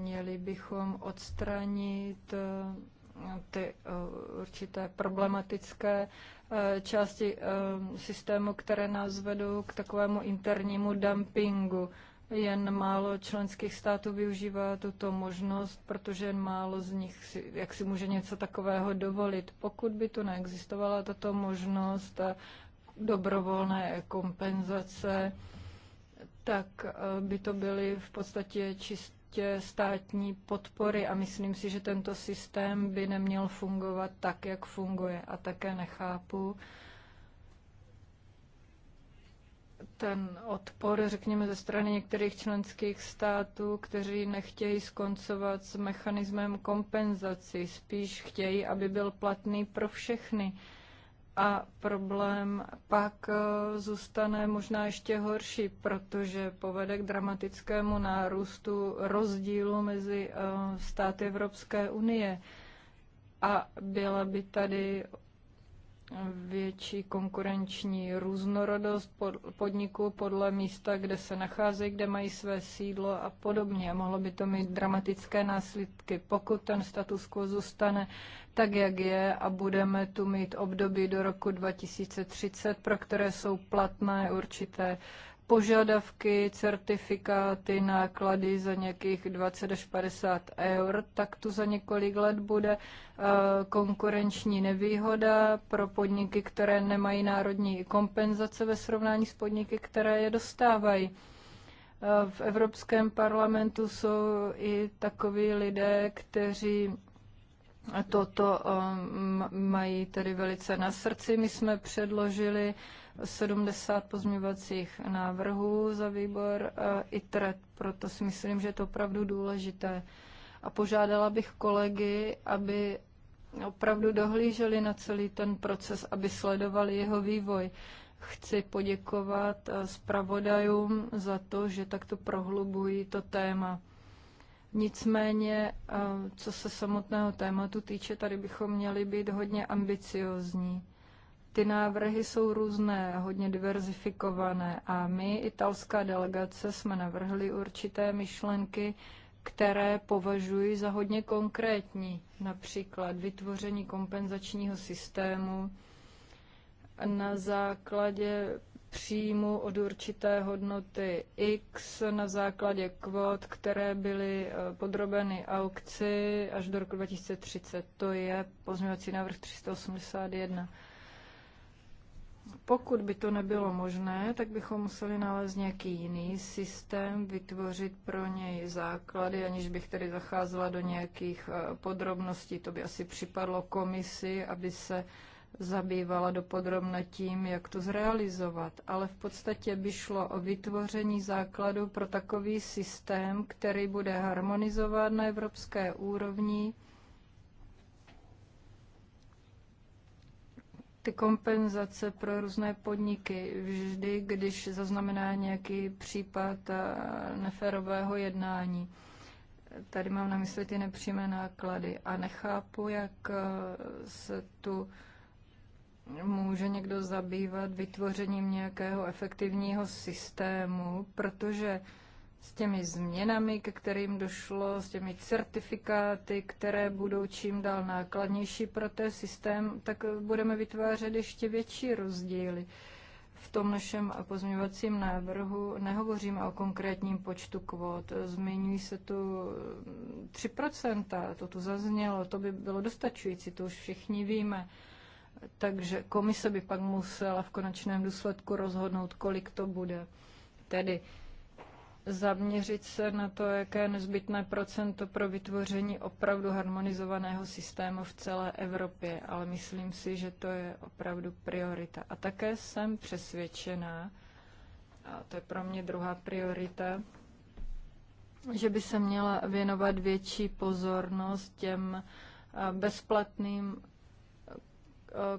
Měli bychom odstranit eh, ty eh, určité problematické eh, části systému, které nás vedou k takovému internímu dumpingu jen málo členských států využívá tuto možnost, protože jen málo z nich si, jak si může něco takového dovolit. Pokud by tu neexistovala tato možnost a eh, dobrovolné kompenzace, tak eh, by to byly v podstatě čistě státní podpory a myslím si, že tento systém by neměl fungovat tak, jak funguje. A také nechápu, ten odpor, řekněme, ze strany některých členských států, kteří nechtějí skoncovat s mechanismem kompenzaci, spíš chtějí, aby byl platný pro všechny. A problém pak eh, zůstane možná ještě horší, protože povede k dramatickému nárůstu rozdílu mezi eh, státy Evropské unie. A byla by tady větší konkurenční různorodost podniků podle místa, kde se nacházejí, kde mají své sídlo a podobně. Mohlo by to mít dramatické následky, pokud ten status quo zůstane tak, jak je a budeme tu mít období do roku 2030, pro které jsou platné určité požadavky, certifikáty, náklady za nějakých 20 až 50 eur, tak tu za několik let bude eh, konkurenční nevýhoda pro podniky, které nemají národní kompenzace ve srovnání s podniky, které je dostávají. Eh, v Evropském parlamentu jsou i takoví lidé, kteří toto eh, mají tedy velice na srdci. My jsme předložili 70 pozměňovacích návrhů za výbor e, tret, proto si myslím, že je to opravdu důležité. A požádala bych kolegy, aby opravdu dohlíželi na celý ten proces, aby sledovali jeho vývoj. Chci poděkovat e, zpravodajům za to, že takto prohlubují to téma. Nicméně, e, co se samotného tématu týče, tady bychom měli být hodně ambiciozní. Ty návrhy jsou různé, hodně diverzifikované a my, italská delegace, jsme navrhli určité myšlenky, které považuji za hodně konkrétní, například vytvoření kompenzačního systému na základě příjmu od určité hodnoty X na základě kvot, které byly eh, podrobeny aukci až do roku 2030. To je pozměňovací návrh 381. Pokud by to nebylo možné, tak bychom museli nalézt nějaký jiný systém, vytvořit pro něj základy, aniž bych tedy zacházela do nějakých eh, podrobností. To by asi připadlo komisi, aby se zabývala dopodrobna tím, jak to zrealizovat. Ale v podstatě by šlo o vytvoření základu pro takový systém, který bude harmonizovat na evropské úrovni ty kompenzace pro různé podniky. Vždy, když zaznamená nějaký případ eh, neférového jednání, tady mám na mysli ty nepřímé náklady a nechápu, jak eh, se tu může někdo zabývat vytvořením nějakého efektivního systému, protože s těmi změnami, ke kterým došlo, s těmi certifikáty, které budou čím dál nákladnější pro ten systém, tak budeme vytvářet ještě větší rozdíly. V tom našem pozměňovacím návrhu nehovoříme o konkrétním počtu kvót. Zmiňují se tu 3%, mm, to tu zaznělo, to by bylo dostačující, to už všichni víme. Takže komise by pak musela v konečném důsledku rozhodnout, kolik to bude. Tedy zaměřit se na to, jaké je nezbytné procento pro vytvoření opravdu harmonizovaného systému v celé Evropě, ale myslím si, že to je opravdu priorita. A také jsem přesvědčená, a to je pro mě druhá priorita, že by se měla věnovat větší pozornost těm bezplatným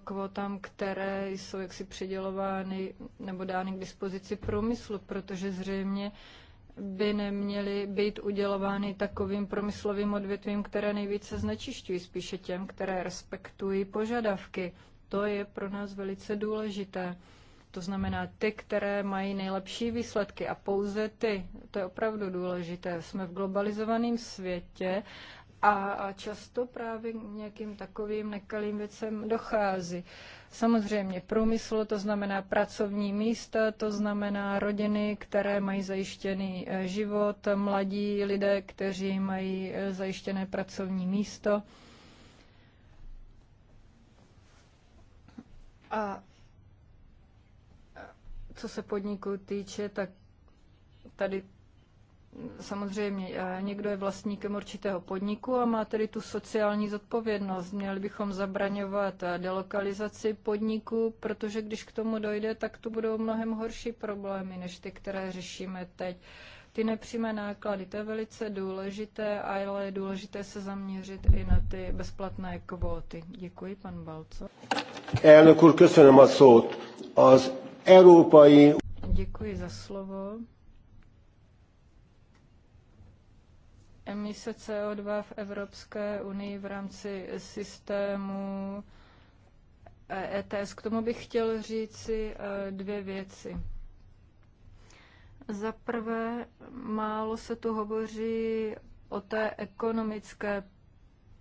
kvotám, které jsou jaksi přidělovány nebo dány k dispozici průmyslu, protože zřejmě by neměly být udělovány takovým promyslovým odvětvím, které nejvíce znečišťují, spíše těm, které respektují požadavky. To je pro nás velice důležité. To znamená ty, které mají nejlepší výsledky a pouze ty. To je opravdu důležité. Jsme v globalizovaném světě a často právě k nějakým takovým nekalým věcem dochází. Samozřejmě průmysl, to znamená pracovní místa, to znamená rodiny, které mají zajištěný eh, život, mladí lidé, kteří mají eh, zajištěné pracovní místo. A eh, co se podniku týče, tak tady samozřejmě eh, někdo je vlastníkem určitého podniku a má tedy tu sociální zodpovědnost. Měli bychom zabraňovat eh, delokalizaci podniku, protože když k tomu dojde, tak tu budou mnohem horší problémy, než ty, které řešíme teď. Ty nepřímé náklady, to je velice důležité, ale je důležité se zaměřit i na ty bezplatné kvóty. Děkuji, pan Balco. Děkuji za slovo. emise CO2 v Evropské unii v rámci systému ETS. E K tomu bych chtěl říci eh, dvě věci. Za prvé, málo se tu hovoří o té ekonomické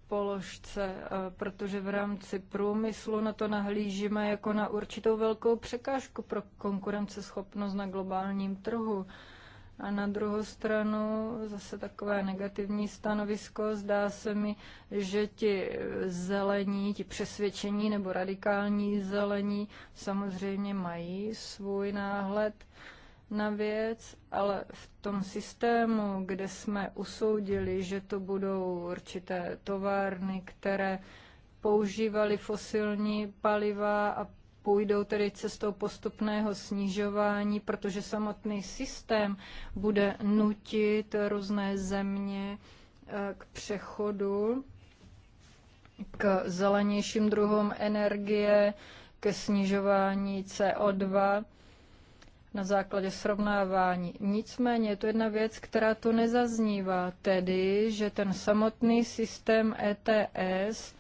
položce, eh, protože v rámci průmyslu na to nahlížíme jako na určitou velkou překážku pro konkurenceschopnost na globálním trhu. A na druhou stranu zase takové negativní stanovisko. Zdá se mi, že ti zelení, ti přesvědčení nebo radikální zelení samozřejmě mají svůj náhled na věc, ale v tom systému, kde jsme usoudili, že to budou určité továrny, které používali fosilní paliva a půjdou tedy cestou postupného snižování, protože samotný systém bude nutit různé země eh, k přechodu k zelenějším druhům energie, ke snižování CO2 na základě srovnávání. Nicméně je to jedna věc, která tu nezaznívá, tedy, že ten samotný systém ETS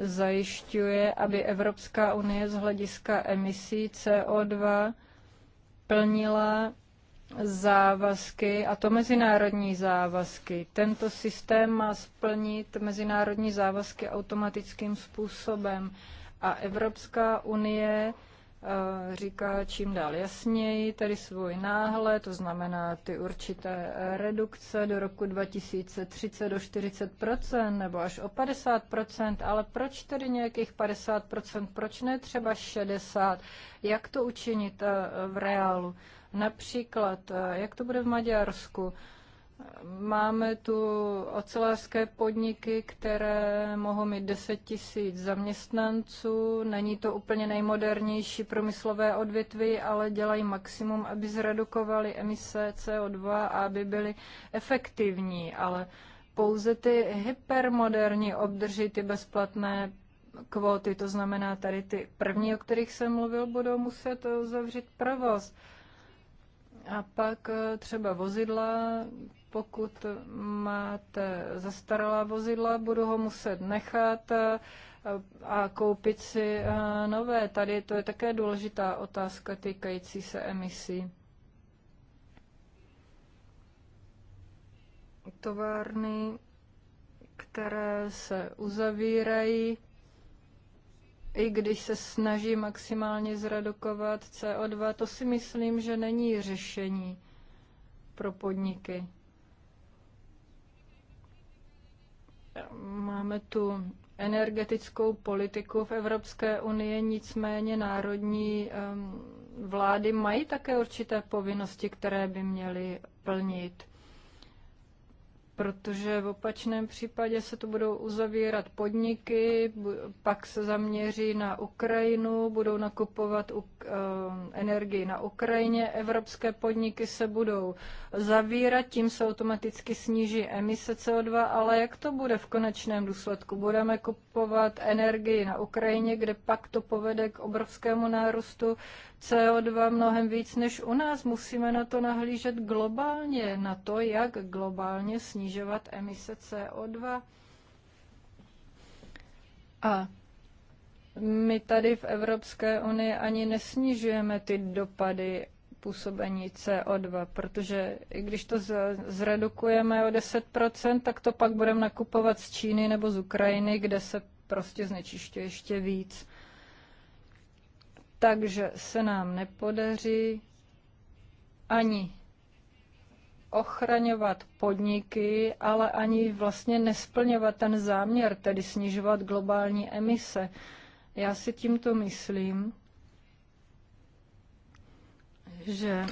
zajišťuje, aby Evropská unie z hlediska emisí CO2 plnila závazky, a to mezinárodní závazky. Tento systém má splnit mezinárodní závazky automatickým způsobem a Evropská unie Eh, říká čím dál jasněji, tedy svůj náhle, to znamená ty určité redukce do roku 2030 do 40 nebo až o 50 ale proč tedy nějakých 50 proč ne třeba 60 Jak to učinit eh, v reálu? Například, eh, jak to bude v Maďarsku? Máme tu ocelářské podniky, které mohou mít 10 tisíc zaměstnanců. Není to úplně nejmodernější promyslové odvětví, ale dělají maximum, aby zredukovali emise CO2 a aby byly efektivní. Ale pouze ty hypermoderní obdrží ty bezplatné kvóty, to znamená tady ty první, o kterých jsem mluvil, budou muset zavřít provoz. A pak eh, třeba vozidla, pokud máte zastaralá vozidla, budu ho muset nechat eh, a koupit si eh, nové. Tady to je také důležitá otázka týkající se emisí. Továrny, které se uzavírají, i když se snaží maximálně zredukovat CO2, to si myslím, že není řešení pro podniky. Máme tu energetickou politiku v Evropské unii, nicméně národní ehm, vlády mají také určité povinnosti, které by měly plnit. Protože v opačném případě se tu budou uzavírat podniky, pak se zaměří na Ukrajinu, budou nakupovat u Eh, energii na Ukrajině. Evropské podniky se budou zavírat, tím se automaticky sníží emise CO2, ale jak to bude v konečném důsledku? Budeme kupovat energii na Ukrajině, kde pak to povede k obrovskému nárůstu CO2 mnohem víc než u nás. Musíme na to nahlížet globálně, na to, jak globálně snižovat emise CO2. A my tady v Evropské unii ani nesnižujeme ty dopady působení CO2, protože i když to zredukujeme o 10%, tak to pak budeme nakupovat z Číny nebo z Ukrajiny, kde se prostě znečišťuje ještě víc. Takže se nám nepodaří ani ochraňovat podniky, ale ani vlastně nesplňovat ten záměr, tedy snižovat globální emise. Já si tímto myslím, že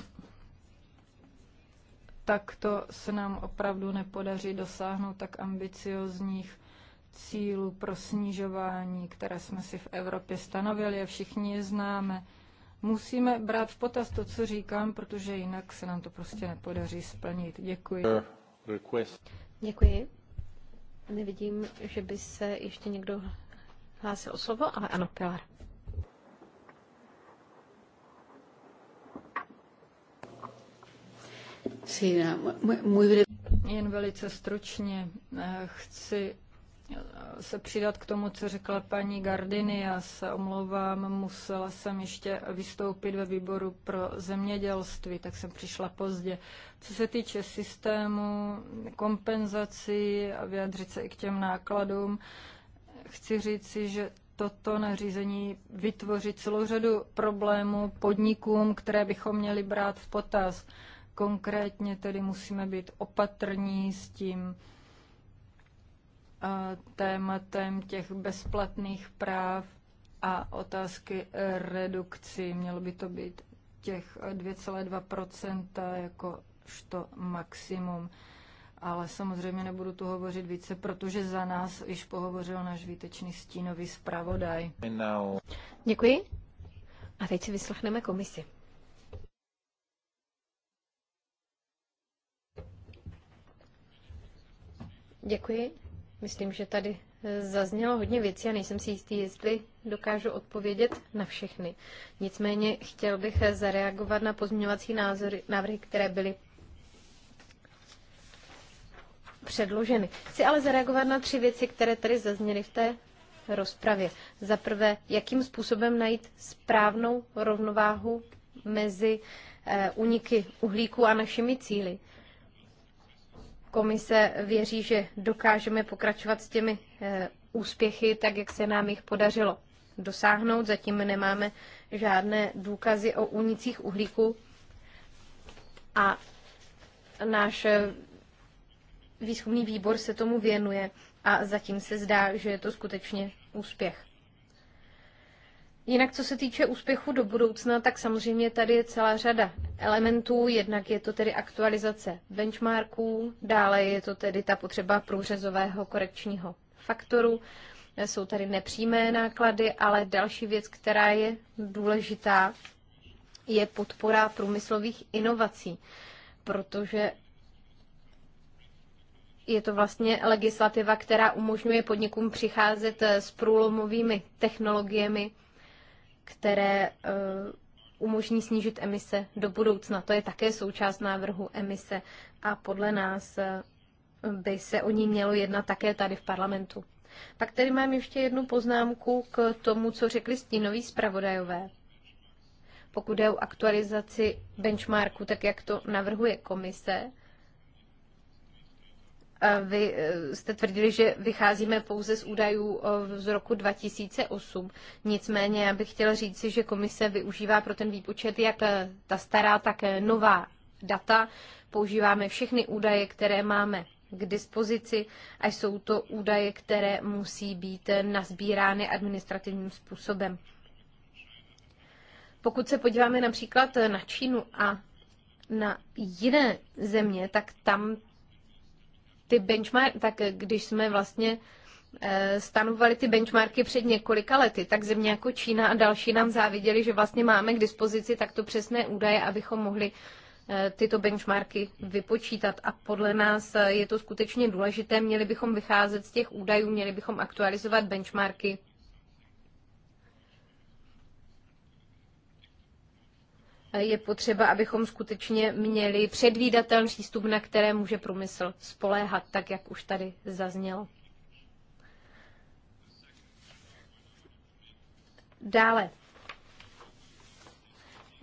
takto se nám opravdu nepodaří dosáhnout tak ambiciozních cílů pro snižování, které jsme si v Evropě stanovili a všichni je známe. Musíme brát v potaz to, co říkám, protože jinak se nám to prostě nepodaří splnit. Děkuji. Děkuji. Nevidím, že by se ještě někdo hlásil o slovo, ale ano, Pilar. Jen velice stručně eh, chci eh, se přidat k tomu, co řekla paní Gardiny. Já se omlouvám, musela jsem ještě vystoupit ve výboru pro zemědělství, tak jsem přišla pozdě. Co se týče systému kompenzací a vyjadřit se i k těm nákladům, chci si, že toto nařízení vytvoří celou řadu problémů podnikům, které bychom měli brát v potaz. Konkrétně tedy musíme být opatrní s tím eh, tématem těch bezplatných práv a otázky redukci. Mělo by to být těch 2,2 jako to maximum ale samozřejmě nebudu tu hovořit více, protože za nás již pohovořil náš výtečný stínový zpravodaj. Děkuji. A teď si vyslechneme komisi. Děkuji. Myslím, že tady eh, zaznělo hodně věcí a nejsem si jistý, jestli dokážu odpovědět na všechny. Nicméně chtěl bych eh, zareagovat na pozměňovací názory, návrhy, které byly předloženy. Chci ale zareagovat na tři věci, které tady zazněly v té rozpravě. Za prvé, jakým způsobem najít správnou rovnováhu mezi uniky eh, uhlíku a našimi cíly. Komise věří, že dokážeme pokračovat s těmi eh, úspěchy, tak jak se nám jich podařilo dosáhnout. Zatím nemáme žádné důkazy o únicích uhlíku a náš eh, výzkumný výbor se tomu věnuje a zatím se zdá, že je to skutečně úspěch. Jinak, co se týče úspěchu do budoucna, tak samozřejmě tady je celá řada elementů. Jednak je to tedy aktualizace benchmarků, dále je to tedy ta potřeba průřezového korekčního faktoru. Jsou tady nepřímé náklady, ale další věc, která je důležitá, je podpora průmyslových inovací, protože je to vlastně legislativa, která umožňuje podnikům přicházet eh, s průlomovými technologiemi, které eh, umožní snížit emise do budoucna. To je také součást návrhu emise a podle nás eh, by se o ní mělo jednat také tady v parlamentu. Pak tady mám ještě jednu poznámku k tomu, co řekli stínoví zpravodajové. Pokud je o aktualizaci benchmarku, tak jak to navrhuje komise, vy eh, jste tvrdili, že vycházíme pouze z údajů z roku 2008. Nicméně já bych chtěla říci, že komise využívá pro ten výpočet jak eh, ta stará, tak eh, nová data. Používáme všechny údaje, které máme k dispozici a jsou to údaje, které musí být nazbírány administrativním způsobem. Pokud se podíváme například na Čínu a na jiné země, tak tam ty benchmark, tak když jsme vlastně eh, stanovali ty benchmarky před několika lety, tak země jako Čína a další nám záviděli, že vlastně máme k dispozici takto přesné údaje, abychom mohli eh, tyto benchmarky vypočítat. A podle nás eh, je to skutečně důležité. Měli bychom vycházet z těch údajů, měli bychom aktualizovat benchmarky je potřeba, abychom skutečně měli předvídatelný přístup, na které může průmysl spoléhat, tak jak už tady zaznělo. Dále.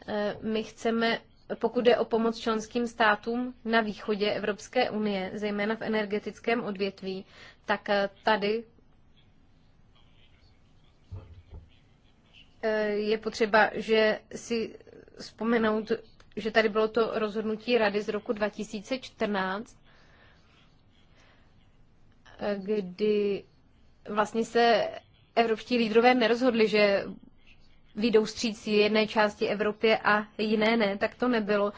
Eh, my chceme, pokud jde o pomoc členským státům na východě Evropské unie, zejména v energetickém odvětví, tak eh, tady eh, je potřeba, že si vzpomenout, že tady bylo to rozhodnutí rady z roku 2014, kdy vlastně se evropští lídrové nerozhodli, že výjdou stříc jedné části Evropě a jiné ne, tak to nebylo.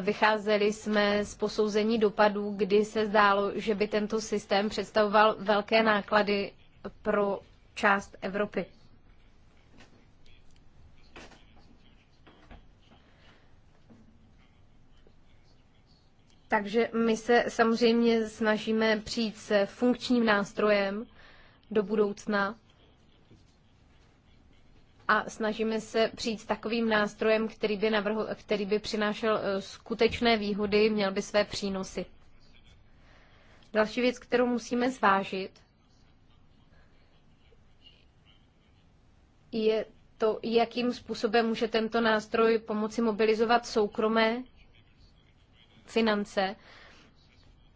Vycházeli jsme z posouzení dopadů, kdy se zdálo, že by tento systém představoval velké náklady pro část Evropy. Takže my se samozřejmě snažíme přijít se funkčním nástrojem do budoucna a snažíme se přijít s takovým nástrojem, který by, navrhu, který by přinášel eh, skutečné výhody, měl by své přínosy. Další věc, kterou musíme zvážit, je to, jakým způsobem může tento nástroj pomoci mobilizovat soukromé finance.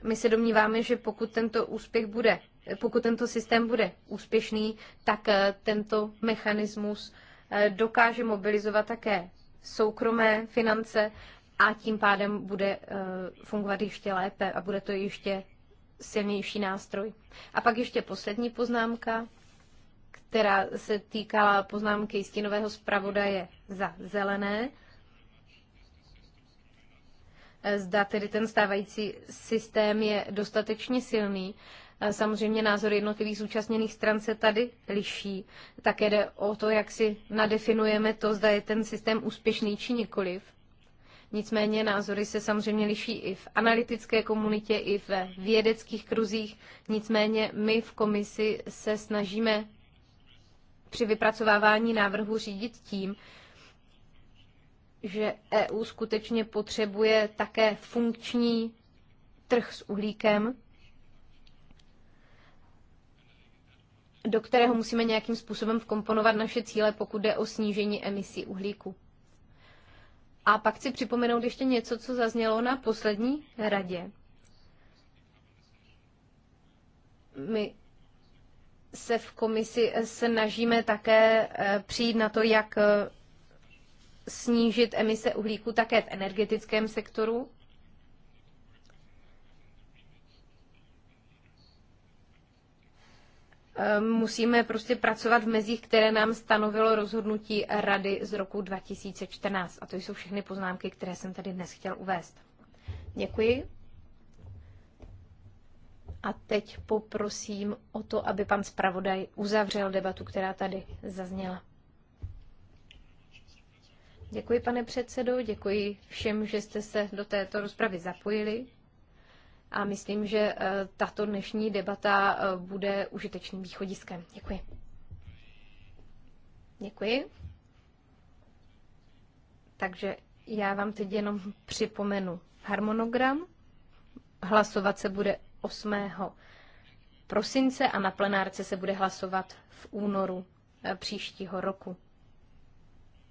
My se domníváme, že pokud tento úspěch bude, pokud tento systém bude úspěšný, tak eh, tento mechanismus eh, dokáže mobilizovat také soukromé finance a tím pádem bude eh, fungovat ještě lépe a bude to ještě silnější nástroj. A pak ještě poslední poznámka, která se týkala poznámky stínového zpravodaje za zelené. Eh, zda tedy ten stávající systém je dostatečně silný. Eh, samozřejmě názory jednotlivých zúčastněných stran se tady liší. Také jde o to, jak si nadefinujeme to, zda je ten systém úspěšný či nikoliv. Nicméně názory se samozřejmě liší i v analytické komunitě, i ve vědeckých kruzích. Nicméně my v komisi se snažíme při vypracovávání návrhu řídit tím, že EU skutečně potřebuje také funkční trh s uhlíkem, do kterého musíme nějakým způsobem vkomponovat naše cíle, pokud jde o snížení emisí uhlíku. A pak chci připomenout ještě něco, co zaznělo na poslední radě. My se v komisi snažíme také eh, přijít na to, jak eh, snížit emise uhlíku také v energetickém sektoru. Ehm, musíme prostě pracovat v mezích, které nám stanovilo rozhodnutí Rady z roku 2014. A to jsou všechny poznámky, které jsem tady dnes chtěl uvést. Děkuji. A teď poprosím o to, aby pan zpravodaj uzavřel debatu, která tady zazněla. Děkuji, pane předsedo, děkuji všem, že jste se do této rozpravy zapojili. A myslím, že eh, tato dnešní debata eh, bude užitečným východiskem. Děkuji. Děkuji. Takže já vám teď jenom připomenu harmonogram. Hlasovat se bude 8. prosince a na plenárce se bude hlasovat v únoru eh, příštího roku.